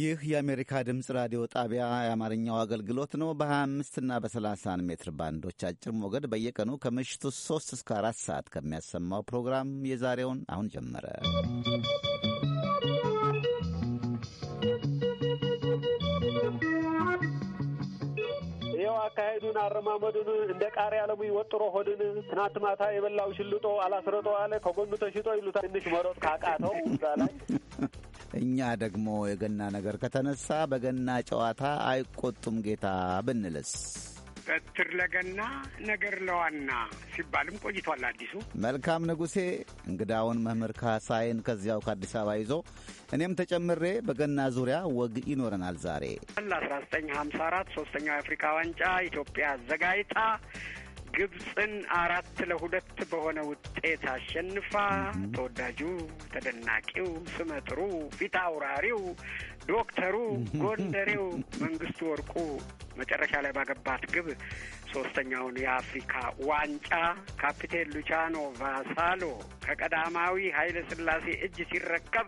ይህ የአሜሪካ ድምፅ ራዲዮ ጣቢያ የአማርኛው አገልግሎት ነው። በ25 እና በ 30 ሜትር ባንዶች አጭር ሞገድ በየቀኑ ከምሽቱ 3 እስከ 4 ሰዓት ከሚያሰማው ፕሮግራም የዛሬውን አሁን ጀመረ። አካሄዱን አረማመዱን እንደ ቃሪ አለሙ ወጥሮ ሆድን ትናንት ማታ የበላው ሽልጦ አላስረጦ አለ ከጎኑ ተሽጦ ይሉታል። ትንሽ መሮጥ ካቃተው እዛ ላይ እኛ ደግሞ የገና ነገር ከተነሳ በገና ጨዋታ አይቆጡም ጌታ ብንልስ በትር ለገና ነገር ለዋና ሲባልም ቆይቷል። አዲሱ መልካም ንጉሴ እንግዳውን መምህር ካሳይን ከዚያው ከአዲስ አበባ ይዞ እኔም ተጨምሬ በገና ዙሪያ ወግ ይኖረናል። ዛሬ ለ1954 ሶስተኛው የአፍሪካ ዋንጫ ኢትዮጵያ አዘጋጅታ ግብፅን አራት ለሁለት በሆነ ውጤት አሸንፋ ተወዳጁ ተደናቂው ስመጥሩ ፊት አውራሪው ዶክተሩ ጎንደሬው መንግስቱ ወርቁ መጨረሻ ላይ ባገባት ግብ ሶስተኛውን የአፍሪካ ዋንጫ ካፒቴን ሉቻኖ ቫሳሎ ከቀዳማዊ ኃይለ ስላሴ እጅ ሲረከብ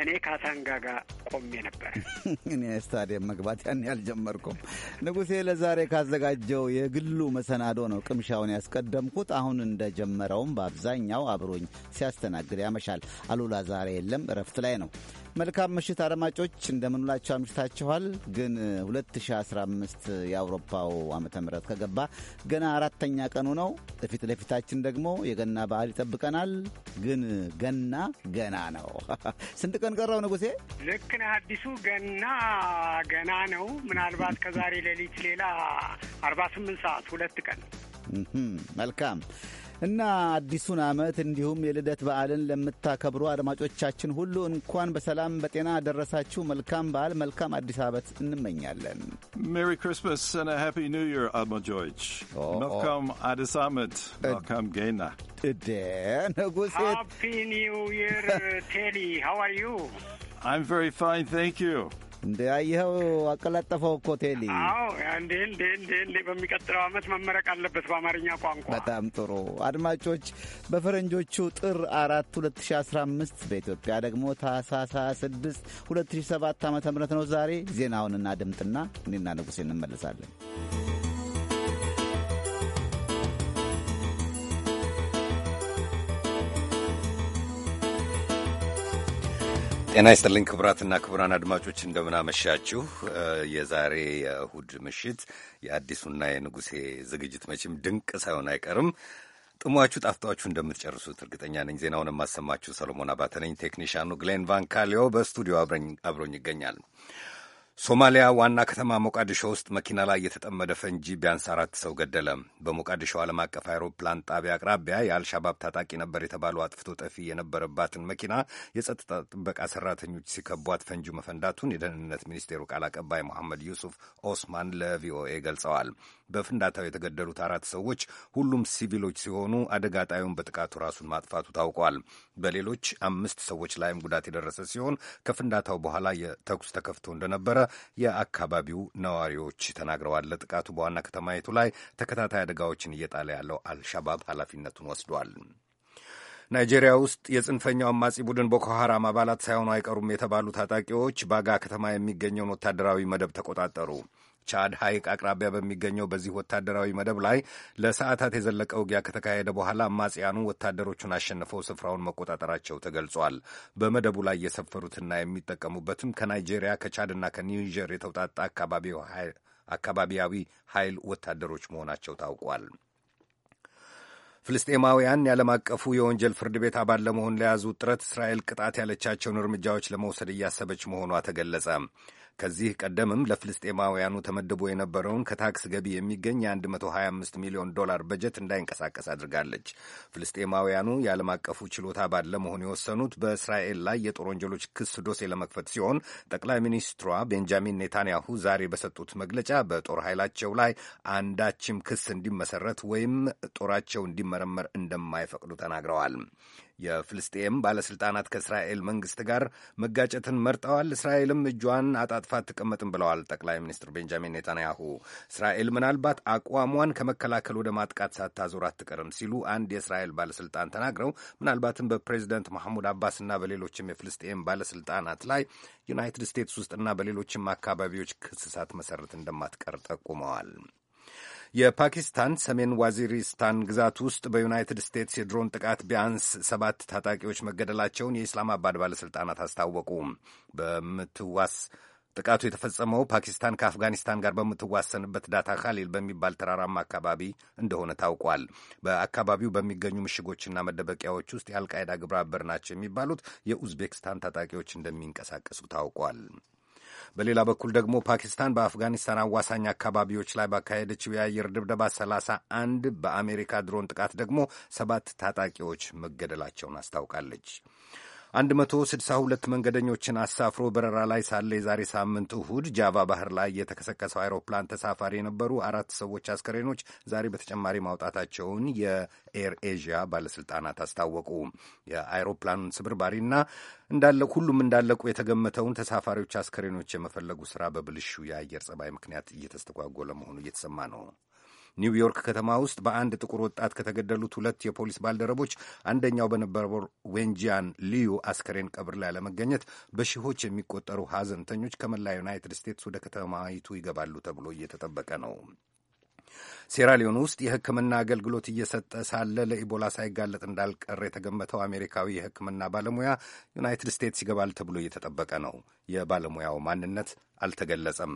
እኔ ካሳንጋ ጋር ቆሜ ነበር። እኔ ስታዲየም መግባት ያን ያልጀመርኩም። ንጉሴ ለዛሬ ካዘጋጀው የግሉ መሰናዶ ነው ቅምሻውን ያስቀደምኩት። አሁን እንደጀመረውም በአብዛኛው አብሮኝ ሲያስተናግድ ያመሻል። አሉላ ዛሬ የለም፣ እረፍት ላይ ነው። መልካም ምሽት አድማጮች፣ እንደምንላቸው አምሽታችኋል። ግን 2015 የአውሮፓው ዓመተ ምህረት ከገባ ገና አራተኛ ቀኑ ነው። ፊት ለፊታችን ደግሞ የገና በዓል ይጠብቀናል። ግን ገና ገና ነው። ቀን ቀረው ንጉሴ። ልክ ነህ አዲሱ። ገና ገና ነው። ምናልባት ከዛሬ ሌሊት ሌላ አርባ ስምንት ሰዓት ሁለት ቀን። መልካም እና አዲሱን ዓመት እንዲሁም የልደት በዓልን ለምታከብሩ አድማጮቻችን ሁሉ እንኳን በሰላም በጤና ደረሳችሁ። መልካም በዓል፣ መልካም አዲስ ዓመት እንመኛለን። ሜሪ ክሪስማስ እና ሃፒ ኒው ይር አድማጮች፣ መልካም አዲስ ዓመት፣ መልካም ገና እደ ንጉሴ ሃፒ ኒው ይር ቴሊ ሃው አር ዩ አይም ቨሪ ፋይን thank ዩ እንደ አቀላጠፈው እኮ ቴሊ። አዎ እንዴ እንዴ እንዴ እንዴ! በሚቀጥለው ዓመት መመረቅ አለበት በአማርኛ ቋንቋ። በጣም ጥሩ አድማጮች፣ በፈረንጆቹ ጥር አራት 2015 በኢትዮጵያ ደግሞ ታህሳስ 26 2007 ዓ ም ነው ዛሬ ዜናውንና ድምጥና እኔና ንጉሴ እንመለሳለን። ጤና ይስጥልኝ ክቡራትና ክቡራን አድማጮች እንደምናመሻችሁ። የዛሬ የእሁድ ምሽት የአዲሱና የንጉሴ ዝግጅት መቼም ድንቅ ሳይሆን አይቀርም። ጥሟችሁ ጣፍጧችሁ እንደምትጨርሱት እርግጠኛ ነኝ። ዜናውን የማሰማችሁ ሰሎሞን አባተ ነኝ። ቴክኒሻኑ ግሌን ቫንካሊዮ በስቱዲዮ አብሮኝ ይገኛል። ሶማሊያ ዋና ከተማ ሞቃዲሾ ውስጥ መኪና ላይ የተጠመደ ፈንጂ ቢያንስ አራት ሰው ገደለ። በሞቃዲሾ ዓለም አቀፍ አይሮፕላን ጣቢያ አቅራቢያ የአልሻባብ ታጣቂ ነበር የተባሉ አጥፍቶ ጠፊ የነበረባትን መኪና የጸጥታ ጥበቃ ሰራተኞች ሲከቧት ፈንጂው መፈንዳቱን የደህንነት ሚኒስቴሩ ቃል አቀባይ መሐመድ ዩሱፍ ኦስማን ለቪኦኤ ገልጸዋል። በፍንዳታው የተገደሉት አራት ሰዎች ሁሉም ሲቪሎች ሲሆኑ አደጋ ጣዩን በጥቃቱ ራሱን ማጥፋቱ ታውቋል። በሌሎች አምስት ሰዎች ላይም ጉዳት የደረሰ ሲሆን ከፍንዳታው በኋላ የተኩስ ተከፍቶ እንደነበረ የአካባቢው ነዋሪዎች ተናግረዋል። ለጥቃቱ በዋና ከተማይቱ ላይ ተከታታይ አደጋዎችን እየጣለ ያለው አልሻባብ ኃላፊነቱን ወስዷል። ናይጄሪያ ውስጥ የጽንፈኛው አማጺ ቡድን ቦኮ ሐራም አባላት ሳይሆኑ አይቀሩም የተባሉ ታጣቂዎች ባጋ ከተማ የሚገኘውን ወታደራዊ መደብ ተቆጣጠሩ። ቻድ ሐይቅ አቅራቢያ በሚገኘው በዚህ ወታደራዊ መደብ ላይ ለሰዓታት የዘለቀ ውጊያ ከተካሄደ በኋላ አማጽያኑ ወታደሮቹን አሸንፈው ስፍራውን መቆጣጠራቸው ተገልጿል። በመደቡ ላይ የሰፈሩትና የሚጠቀሙበትም ከናይጄሪያ ከቻድና ከኒጀር የተውጣጣ አካባቢያዊ ኃይል ወታደሮች መሆናቸው ታውቋል። ፍልስጤማውያን የዓለም አቀፉ የወንጀል ፍርድ ቤት አባል ለመሆን ለያዙ ጥረት እስራኤል ቅጣት ያለቻቸውን እርምጃዎች ለመውሰድ እያሰበች መሆኗ ተገለጸ። ከዚህ ቀደምም ለፍልስጤማውያኑ ተመድቦ የነበረውን ከታክስ ገቢ የሚገኝ የ125 ሚሊዮን ዶላር በጀት እንዳይንቀሳቀስ አድርጋለች። ፍልስጤማውያኑ የዓለም አቀፉ ችሎታ ባለመሆን የወሰኑት በእስራኤል ላይ የጦር ወንጀሎች ክስ ዶሴ ለመክፈት ሲሆን ጠቅላይ ሚኒስትሯ ቤንጃሚን ኔታንያሁ ዛሬ በሰጡት መግለጫ በጦር ኃይላቸው ላይ አንዳችም ክስ እንዲመሰረት ወይም ጦራቸው እንዲመረመር እንደማይፈቅዱ ተናግረዋል። የፍልስጤም ባለሥልጣናት ከእስራኤል መንግሥት ጋር መጋጨትን መርጠዋል፣ እስራኤልም እጇን አጣጥፋ አትቀመጥም ብለዋል ጠቅላይ ሚኒስትር ቤንጃሚን ኔታንያሁ። እስራኤል ምናልባት አቋሟን ከመከላከል ወደ ማጥቃት ሳታዞር አትቀርም ሲሉ አንድ የእስራኤል ባለሥልጣን ተናግረው ምናልባትም በፕሬዚደንት ማሐሙድ አባስና በሌሎችም የፍልስጤም ባለሥልጣናት ላይ ዩናይትድ ስቴትስ ውስጥና በሌሎችም አካባቢዎች ክስሳት መሰረት እንደማትቀር ጠቁመዋል። የፓኪስታን ሰሜን ዋዚሪስታን ግዛት ውስጥ በዩናይትድ ስቴትስ የድሮን ጥቃት ቢያንስ ሰባት ታጣቂዎች መገደላቸውን የኢስላማባድ ባለሥልጣናት አስታወቁ። በምትዋስ ጥቃቱ የተፈጸመው ፓኪስታን ከአፍጋኒስታን ጋር በምትዋሰንበት ዳታ ካሊል በሚባል ተራራማ አካባቢ እንደሆነ ታውቋል። በአካባቢው በሚገኙ ምሽጎችና መደበቂያዎች ውስጥ የአልቃይዳ ግብረ አበር ናቸው የሚባሉት የኡዝቤክስታን ታጣቂዎች እንደሚንቀሳቀሱ ታውቋል። በሌላ በኩል ደግሞ ፓኪስታን በአፍጋኒስታን አዋሳኝ አካባቢዎች ላይ ባካሄደችው የአየር ድብደባ 31 በአሜሪካ ድሮን ጥቃት ደግሞ ሰባት ታጣቂዎች መገደላቸውን አስታውቃለች። 162 መንገደኞችን አሳፍሮ በረራ ላይ ሳለ የዛሬ ሳምንት እሁድ ጃቫ ባህር ላይ የተከሰከሰው አይሮፕላን ተሳፋሪ የነበሩ አራት ሰዎች አስከሬኖች ዛሬ በተጨማሪ ማውጣታቸውን የኤር ኤዥያ ባለስልጣናት አስታወቁ። የአይሮፕላኑን ስብርባሪና እንዳለ ሁሉም እንዳለቁ የተገመተውን ተሳፋሪዎች አስከሬኖች የመፈለጉ ስራ በብልሹ የአየር ጸባይ ምክንያት እየተስተጓጎለ መሆኑ እየተሰማ ነው። ኒውዮርክ ከተማ ውስጥ በአንድ ጥቁር ወጣት ከተገደሉት ሁለት የፖሊስ ባልደረቦች አንደኛው በነበረው ወንጂያን ልዩ አስከሬን ቀብር ላይ ለመገኘት በሺዎች የሚቆጠሩ ሀዘንተኞች ከመላ ዩናይትድ ስቴትስ ወደ ከተማይቱ ይገባሉ ተብሎ እየተጠበቀ ነው። ሴራሊዮን ውስጥ የሕክምና አገልግሎት እየሰጠ ሳለ ለኢቦላ ሳይጋለጥ እንዳልቀረ የተገመተው አሜሪካዊ የሕክምና ባለሙያ ዩናይትድ ስቴትስ ይገባል ተብሎ እየተጠበቀ ነው። የባለሙያው ማንነት አልተገለጸም።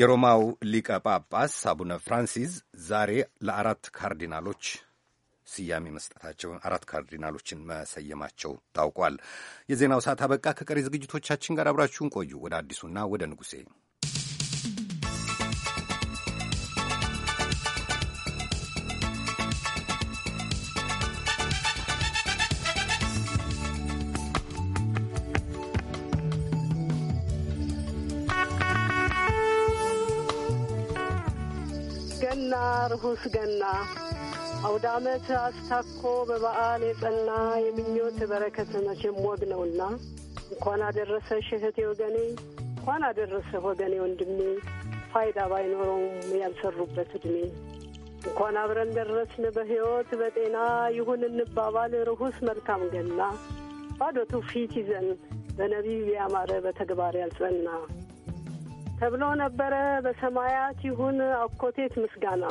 የሮማው ሊቀ ጳጳስ አቡነ ፍራንሲስ ዛሬ ለአራት ካርዲናሎች ስያሜ መስጠታቸውን አራት ካርዲናሎችን መሰየማቸው ታውቋል። የዜናው ሰዓት አበቃ። ከቀሪ ዝግጅቶቻችን ጋር አብራችሁን ቆዩ። ወደ አዲሱና ወደ ንጉሴ ርሁስ ገና አውደ ዓመት አስታኮ በበዓል የጸና የምኞት በረከት መቼም ወግ ነውና እንኳን አደረሰ ሽህት ወገኔ፣ እንኳን አደረሰ ወገኔ ወንድሜ፣ ፋይዳ ባይኖረውም ያልሰሩበት ዕድሜ። እንኳን አብረን ደረስን በሕይወት በጤና ይሁን እንባባል ርሁስ መልካም ገና ባዶ ፊት ይዘን በነቢብ ያማረ በተግባር ያልጸና ተብሎ ነበረ። በሰማያት ይሁን አኮቴት ምስጋና፣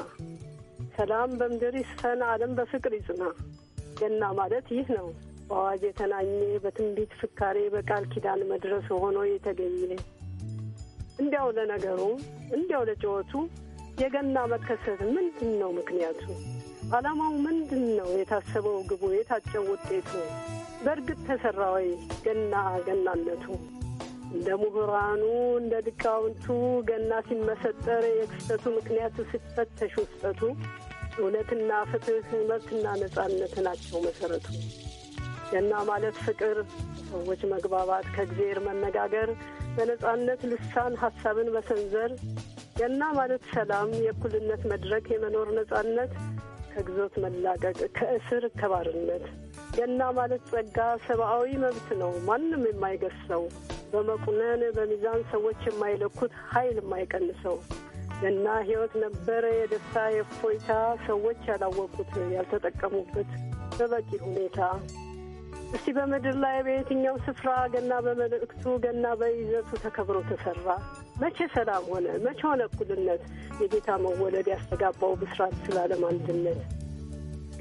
ሰላም በምድር ይስፈን፣ ዓለም በፍቅር ይጽና። ገና ማለት ይህ ነው። በአዋጅ የተናኘ በትንቢት ፍካሬ በቃል ኪዳን መድረስ ሆኖ የተገኘ እንዲያው ለነገሩ እንዲያው ለጨወቱ የገና መከሰት ምንድን ነው ምክንያቱ? ዓላማው ምንድን ነው? የታሰበው ግቡ የታጨው ውጤቱ በእርግጥ ተሰራ ወይ ገና ገናነቱ? እንደ ምሁራኑ እንደ ድቃውንቱ ገና ሲመሰጠር የክስተቱ ምክንያት ሲፈተሽ ውስጠቱ እውነትና ፍትህ፣ መብትና ነጻነት ናቸው መሰረቱ። ገና ማለት ፍቅር፣ ሰዎች መግባባት፣ ከእግዜር መነጋገር፣ በነጻነት ልሳን ሀሳብን መሰንዘር። ገና ማለት ሰላም፣ የእኩልነት መድረክ፣ የመኖር ነጻነት፣ ከግዞት መላቀቅ፣ ከእስር ከባርነት ገና ማለት ጸጋ ሰብአዊ መብት ነው፣ ማንም የማይገሰው በመቁነን በሚዛን ሰዎች የማይለኩት ኃይል የማይቀንሰው ገና ሕይወት ነበረ የደስታ የእፎይታ ሰዎች ያላወቁት ያልተጠቀሙበት በበቂ ሁኔታ እስቲ በምድር ላይ በየትኛው ስፍራ ገና በመልእክቱ ገና በይዘቱ ተከብሮ ተሰራ። መቼ ሰላም ሆነ? መቼ ሆነ እኩልነት? የጌታ መወለድ ያስተጋባው ብስራት ስላለም አንድነት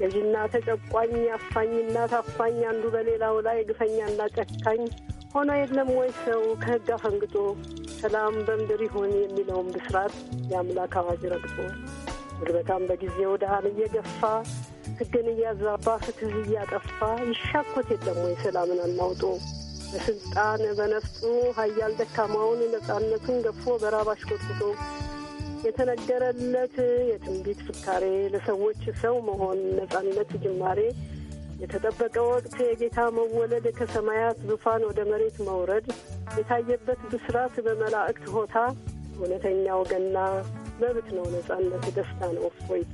ገዥና ተጨቋኝ፣ አፋኝና ታፋኝ፣ አንዱ በሌላው ላይ ግፈኛና ጨካኝ ሆኖ የለም ወይ ሰው ከህግ አፈንግጦ ሰላም በምድር ይሁን የሚለውም ብስራት የአምላክ አዋጅ ረግጦ ጉልበታም በጊዜው ድሃን እየገፋ ህግን እያዛባ ፍትህ እያጠፋ ይሻኮት የለም ወይ ሰላምን አናውጦ በስልጣን በነፍጡ ሀያል ደካማውን ነፃነቱን ገፎ በራባሽ ቆጥቶ የተነገረለት የትንቢት ፍካሬ ለሰዎች ሰው መሆን ነጻነት ጅማሬ የተጠበቀ ወቅት የጌታ መወለድ ከሰማያት ዙፋን ወደ መሬት መውረድ የታየበት ብስራት በመላእክት ሆታ እውነተኛው ገና መብት ነው ነጻነት ደስታ ነው እፎይታ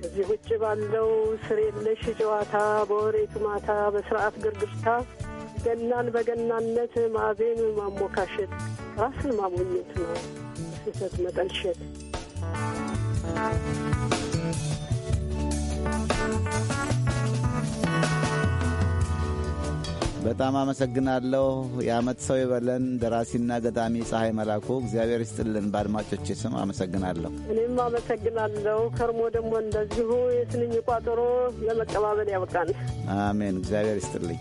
ከዚህ ውጭ ባለው ስር የለሽ ጨዋታ በወሬቱ ማታ በስርዓት ግርግርታ ገናን በገናነት ማዜም ማሞካሸት ራስን ማሞኘት ነው ስህተት መጠልሸት በጣም አመሰግናለሁ። የአመት ሰው ይበለን። ደራሲና ገጣሚ ፀሐይ መላኩ እግዚአብሔር ይስጥልን። በአድማጮች ስም አመሰግናለሁ። እኔም አመሰግናለሁ። ከርሞ ደግሞ እንደዚሁ የስንኝ ቋጠሮ ለመቀባበል ያበቃን። አሜን። እግዚአብሔር ይስጥልኝ።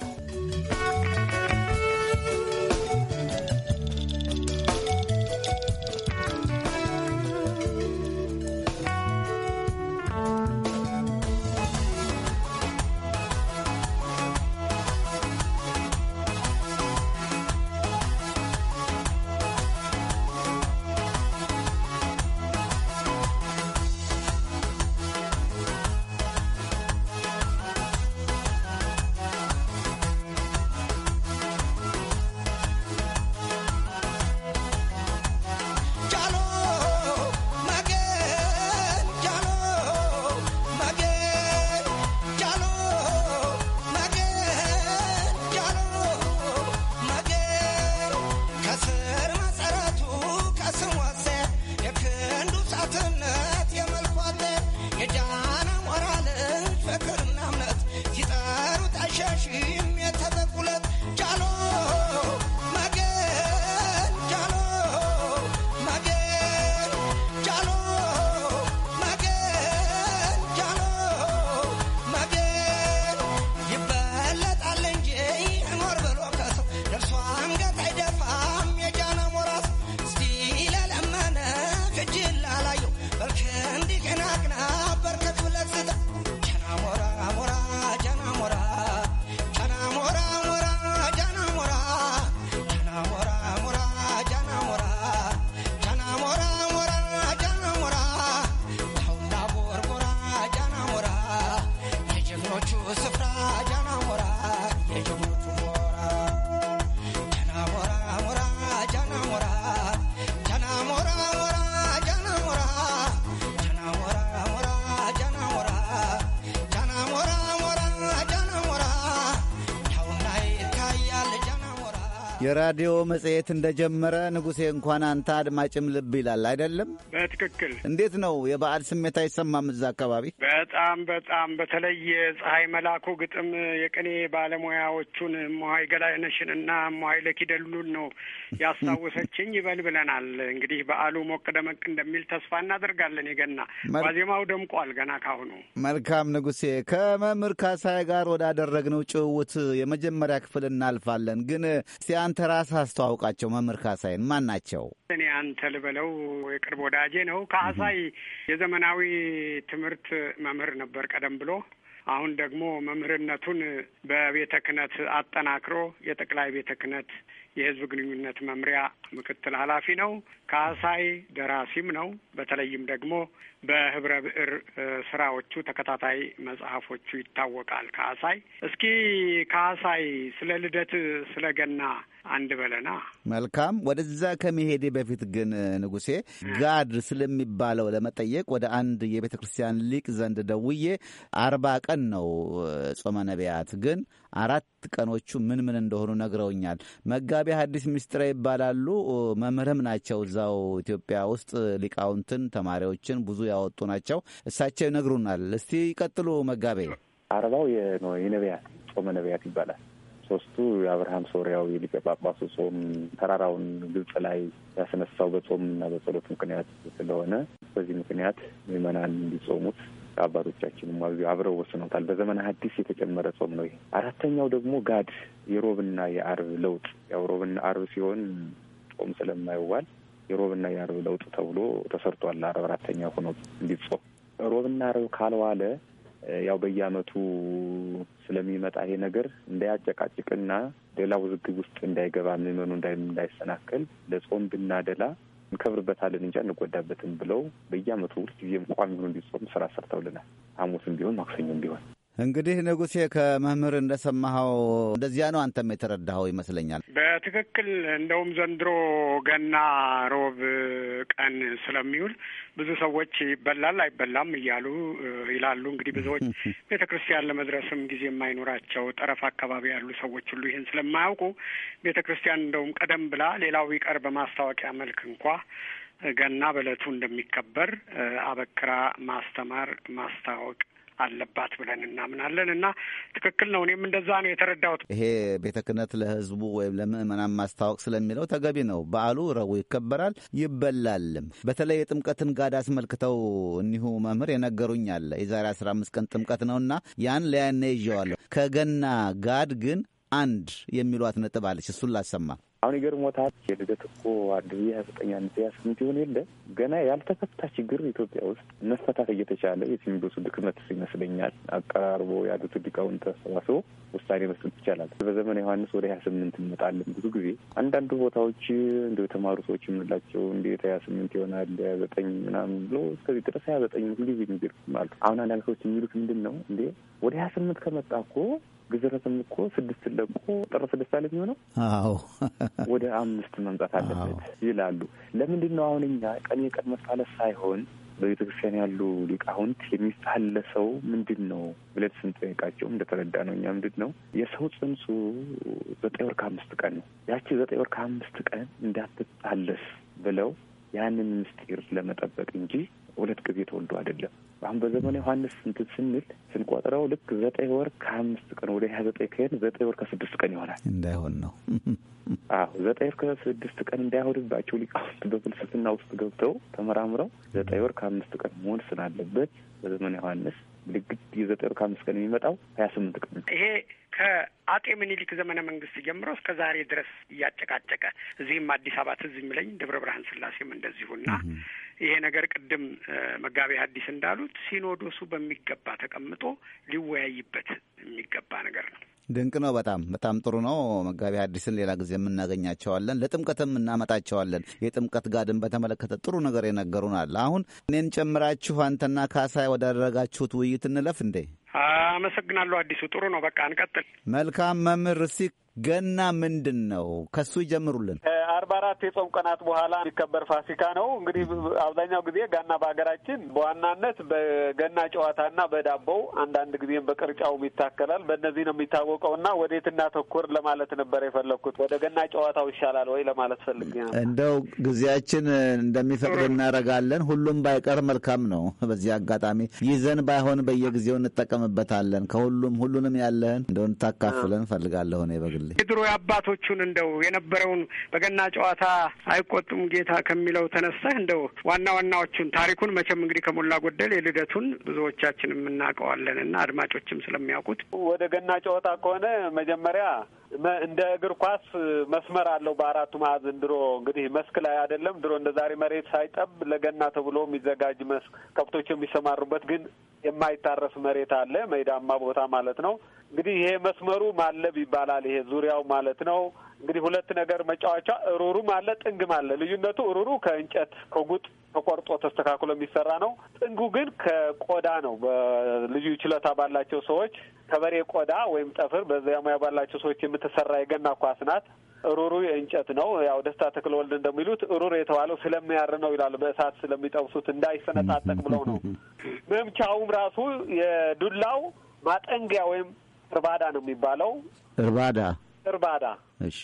የራዲዮ መጽሔት እንደጀመረ ንጉሴ እንኳን አንተ አድማጭም ልብ ይላል አይደለም? በትክክል እንዴት ነው? የበዓል ስሜት አይሰማም እዛ አካባቢ? በጣም በጣም በተለይ የፀሐይ መላኩ ግጥም የቅኔ ባለሙያዎቹን ሞሀይ ገላይነሽን እና ሞሀይ ለኪደሉን ነው ያስታወሰችኝ። ይበል ብለናል። እንግዲህ በዓሉ ሞቅ ደመቅ እንደሚል ተስፋ እናደርጋለን። የገና ዋዜማው ደምቋል ገና ካሁኑ። መልካም ንጉሴ፣ ከመምህር ካሳይ ጋር ወዳደረግነው ጭውውት የመጀመሪያ ክፍል እናልፋለን። ግን ሲያንተ ራስ አስተዋውቃቸው መምህር ካሳይን ማን ናቸው? እኔ አንተ ልበለው የቅርብ ወዳጄ ነው። ካሳይ የዘመናዊ ትምህርት መምህር መምህር ነበር ቀደም ብሎ። አሁን ደግሞ መምህርነቱን በቤተ ክህነት አጠናክሮ የጠቅላይ ቤተ ክህነት የሕዝብ ግንኙነት መምሪያ ምክትል ኃላፊ ነው። ካሳይ ደራሲም ነው። በተለይም ደግሞ በህብረ ብዕር ስራዎቹ ተከታታይ መጽሐፎቹ ይታወቃል። ካሳይ እስኪ ካሳይ ስለ ልደት ስለ ገና አንድ በለና መልካም። ወደዛ ከመሄዴ በፊት ግን ንጉሴ ጋድ ስለሚባለው ለመጠየቅ ወደ አንድ የቤተ ክርስቲያን ሊቅ ዘንድ ደውዬ አርባ ቀን ነው ጾመ ነቢያት ግን አራት ቀኖቹ ምን ምን እንደሆኑ ነግረውኛል። መጋቢ ሐዲስ ምስጢር ይባላሉ። መምህርም ናቸው። እዛው ኢትዮጵያ ውስጥ ሊቃውንትን፣ ተማሪዎችን ብዙ ያወጡ ናቸው። እሳቸው ይነግሩናል። እስቲ ቀጥሉ መጋቤ። አርባው የነቢያት ጾመ ነቢያት ይባላል። ሶስቱ የአብርሃም ሶሪያዊ ሊቀ ጳጳሱ ጾም ተራራውን ግብጽ ላይ ያስነሳው በጾምና በጸሎት ምክንያት ስለሆነ በዚህ ምክንያት ምዕመናን እንዲጾሙት አባቶቻችንም አብረው ወስኖታል። በዘመነ ሐዲስ የተጨመረ ጾም ነው ይሄ። አራተኛው ደግሞ ጋድ የሮብና የአርብ ለውጥ ያው ሮብና አርብ ሲሆን ጾም ስለማይዋል የሮብና የአርብ ለውጥ ተብሎ ተሰርቷል። አርብ አራተኛ ሆኖ እንዲጾም ሮብና አርብ ካልዋለ ያው በየአመቱ ስለሚመጣ ይሄ ነገር እንዳያጨቃጭቅና ሌላ ውዝግብ ውስጥ እንዳይገባ ምዕመኑ እንዳይሰናከል ለጾም ብናደላ እንከብርበታለን እንጂ አንጎዳበትም ብለው በየአመቱ ሁልጊዜም ቋሚ ሆኖ እንዲጾም ስራ ሰርተውልናል። ሐሙስም ቢሆን ማክሰኞም ቢሆን እንግዲህ ንጉሴ ከመምህር እንደሰማኸው እንደዚያ ነው አንተም የተረዳኸው ይመስለኛል። በትክክል እንደውም ዘንድሮ ገና ሮብ ቀን ስለሚውል ብዙ ሰዎች ይበላል አይበላም እያሉ ይላሉ። እንግዲህ ብዙዎች ቤተ ክርስቲያን ለመድረስም ጊዜ የማይኖራቸው ጠረፍ አካባቢ ያሉ ሰዎች ሁሉ ይህን ስለማያውቁ ቤተ ክርስቲያን እንደውም ቀደም ብላ ሌላው ይቀር በማስታወቂያ መልክ እንኳ ገና በእለቱ እንደሚከበር አበክራ ማስተማር ማስታወቅ አለባት ብለን እናምናለን እና ትክክል ነው። እኔም እንደዛ ነው የተረዳሁት። ይሄ ቤተ ክህነት ለህዝቡ ወይም ለምእመናን ማስታወቅ ስለሚለው ተገቢ ነው። በዓሉ ረቡዕ ይከበራል ይበላልም። በተለይ የጥምቀትን ጋዳ አስመልክተው እኒሁ መምህር የነገሩኝ አለ። የዛሬ አስራ አምስት ቀን ጥምቀት ነውና ያን ለያነ ይዤዋለሁ። ከገና ጋድ ግን አንድ የሚሏት ነጥብ አለች። እሱን ላሰማ አሁን ይገርሞታል። የልደት እኮ አንድ ጊዜ ሀያ ዘጠኝ አንድ ሀያ ስምንት ይሆን የለ ገና ያልተፈታ ችግር ኢትዮጵያ ውስጥ መፈታት እየተቻለ የሲኖዶሱ ድክመት ይመስለኛል። አቀራርቦ ያሉት ሊቃውንት ተሰባስቦ ውሳኔ መስጠት ይቻላል። በዘመነ ዮሐንስ ወደ ሀያ ስምንት እንመጣለን። ብዙ ጊዜ አንዳንዱ ቦታዎች እንደ የተማሩ ሰዎች የምንላቸው እንዴት ሀያ ስምንት ይሆናል ሀያ ዘጠኝ ምናምን ብሎ እስከዚህ ድረስ ሀያ ዘጠኝ ሁልጊዜ የሚገርም አሉ። አሁን አንዳንድ ሰዎች የሚሉት ምንድን ነው እንዴ ወደ ሀያ ስምንት ከመጣ እኮ ግዝረትም እኮ ስድስት ለቆ ጥር ስድስት አለ የሚሆነው አዎ ወደ አምስት መምጣት አለበት ይላሉ። ለምንድን ነው አሁን እኛ ቀን የቀን ሳይሆን በቤተ ክርስቲያን ያሉ ሊቃውንት የሚፋለሰው ምንድን ነው ብለን ስንጠይቃቸው እንደተረዳ ነው እኛ ምንድን ነው የሰው ጽንሱ ዘጠኝ ወር ከአምስት ቀን ነው። ያቺ ዘጠኝ ወር ከአምስት ቀን እንዳትጣለስ ብለው ያንን ምስጢር ለመጠበቅ እንጂ ሁለት ጊዜ ተወልዶ አይደለም። አሁን በዘመነ ዮሐንስ እንትን ስንል ስንቆጥረው ልክ ዘጠኝ ወር ከአምስት ቀን ወደ ሀያ ዘጠኝ ከሄን ዘጠኝ ወር ከስድስት ቀን ይሆናል። እንዳይሆን ነው። አዎ ዘጠኝ ወር ከስድስት ቀን እንዳይሆንባቸው ሊቃውንት በፍልስፍና ውስጥ ገብተው ተመራምረው ዘጠኝ ወር ከአምስት ቀን መሆን ስላለበት በዘመነ ዮሐንስ ልግድ የዘጠኝ ወር ከአምስት ቀን የሚመጣው ሀያ ስምንት ቀን ነው ይሄ ከአጤ ምኒልክ ዘመነ መንግስት ጀምሮ እስከ ዛሬ ድረስ እያጨቃጨቀ እዚህም አዲስ አበባ ትዝ የሚለኝ ደብረ ብርሃን ስላሴም እንደዚሁና ይሄ ነገር ቅድም መጋቤ ሐዲስ እንዳሉት ሲኖዶሱ በሚገባ ተቀምጦ ሊወያይበት የሚገባ ነገር ነው። ድንቅ ነው። በጣም በጣም ጥሩ ነው። መጋቢ አዲስን ሌላ ጊዜ የምናገኛቸዋለን፣ ለጥምቀትም እናመጣቸዋለን። የጥምቀት ጋድን በተመለከተ ጥሩ ነገር የነገሩናል። አሁን እኔን ጨምራችሁ አንተና ካሳ ወዳደረጋችሁት ውይይት እንለፍ እንዴ? አመሰግናለሁ አዲሱ። ጥሩ ነው። በቃ እንቀጥል። መልካም መምህር እስቲ ገና ምንድን ነው? ከሱ ይጀምሩልን። አርባ አራት የጾም ቀናት በኋላ የሚከበር ፋሲካ ነው። እንግዲህ አብዛኛው ጊዜ ጋና በሀገራችን በዋናነት በገና ጨዋታና በዳቦው አንዳንድ ጊዜም በቅርጫውም ይታከላል። በእነዚህ ነው የሚታወቀው እና ወዴት እናተኩር ለማለት ነበር የፈለግኩት። ወደ ገና ጨዋታው ይሻላል ወይ ለማለት ፈልግ። እንደው ጊዜያችን እንደሚፈቅድ እናደርጋለን። ሁሉም ባይቀር መልካም ነው። በዚህ አጋጣሚ ይዘን ባይሆን በየጊዜው እንጠቀም እንጠቀምበታለን። ከሁሉም ሁሉንም ያለህን እንደሆን ታካፍለን እንፈልጋለሁ። እኔ በግሌ የድሮ አባቶቹን እንደው የነበረውን በገና ጨዋታ አይቆጡም ጌታ ከሚለው ተነሳህ እንደው ዋና ዋናዎቹን ታሪኩን መቼም እንግዲህ ከሞላ ጎደል የልደቱን ብዙዎቻችን እናውቀዋለን እና አድማጮችም ስለሚያውቁት ወደ ገና ጨዋታ ከሆነ መጀመሪያ እንደ እግር ኳስ መስመር አለው በአራቱ ማዕዘን። ድሮ እንግዲህ መስክ ላይ አይደለም፣ ድሮ እንደ ዛሬ መሬት ሳይጠብ ለገና ተብሎ የሚዘጋጅ መስክ ከብቶች የሚሰማሩበት ግን የማይታረስ መሬት አለ፣ ሜዳማ ቦታ ማለት ነው። እንግዲህ ይሄ መስመሩ ማለብ ይባላል። ይሄ ዙሪያው ማለት ነው። እንግዲህ ሁለት ነገር መጫወቻ እሩሩም አለ ጥንግም አለ። ልዩነቱ ሩሩ ከእንጨት ከጉጥ ተቆርጦ ተስተካክሎ የሚሰራ ነው። ጥንጉ ግን ከቆዳ ነው። በልዩ ችሎታ ባላቸው ሰዎች ከበሬ ቆዳ ወይም ጠፍር በዚያ ሙያ ባላቸው ሰዎች የምትሰራ የገና ኳስ ናት። ሩሩ የእንጨት ነው። ያው ደስታ ተክለ ወልድ እንደሚሉት ሩር የተባለው ስለሚያር ነው ይላሉ። በእሳት ስለሚጠብሱት እንዳይሰነጣጠቅ ብለው ነው። መምቻውም ራሱ የዱላው ማጠንጊያ ወይም እርባዳ ነው የሚባለው እርባዳ እርባዳ እሺ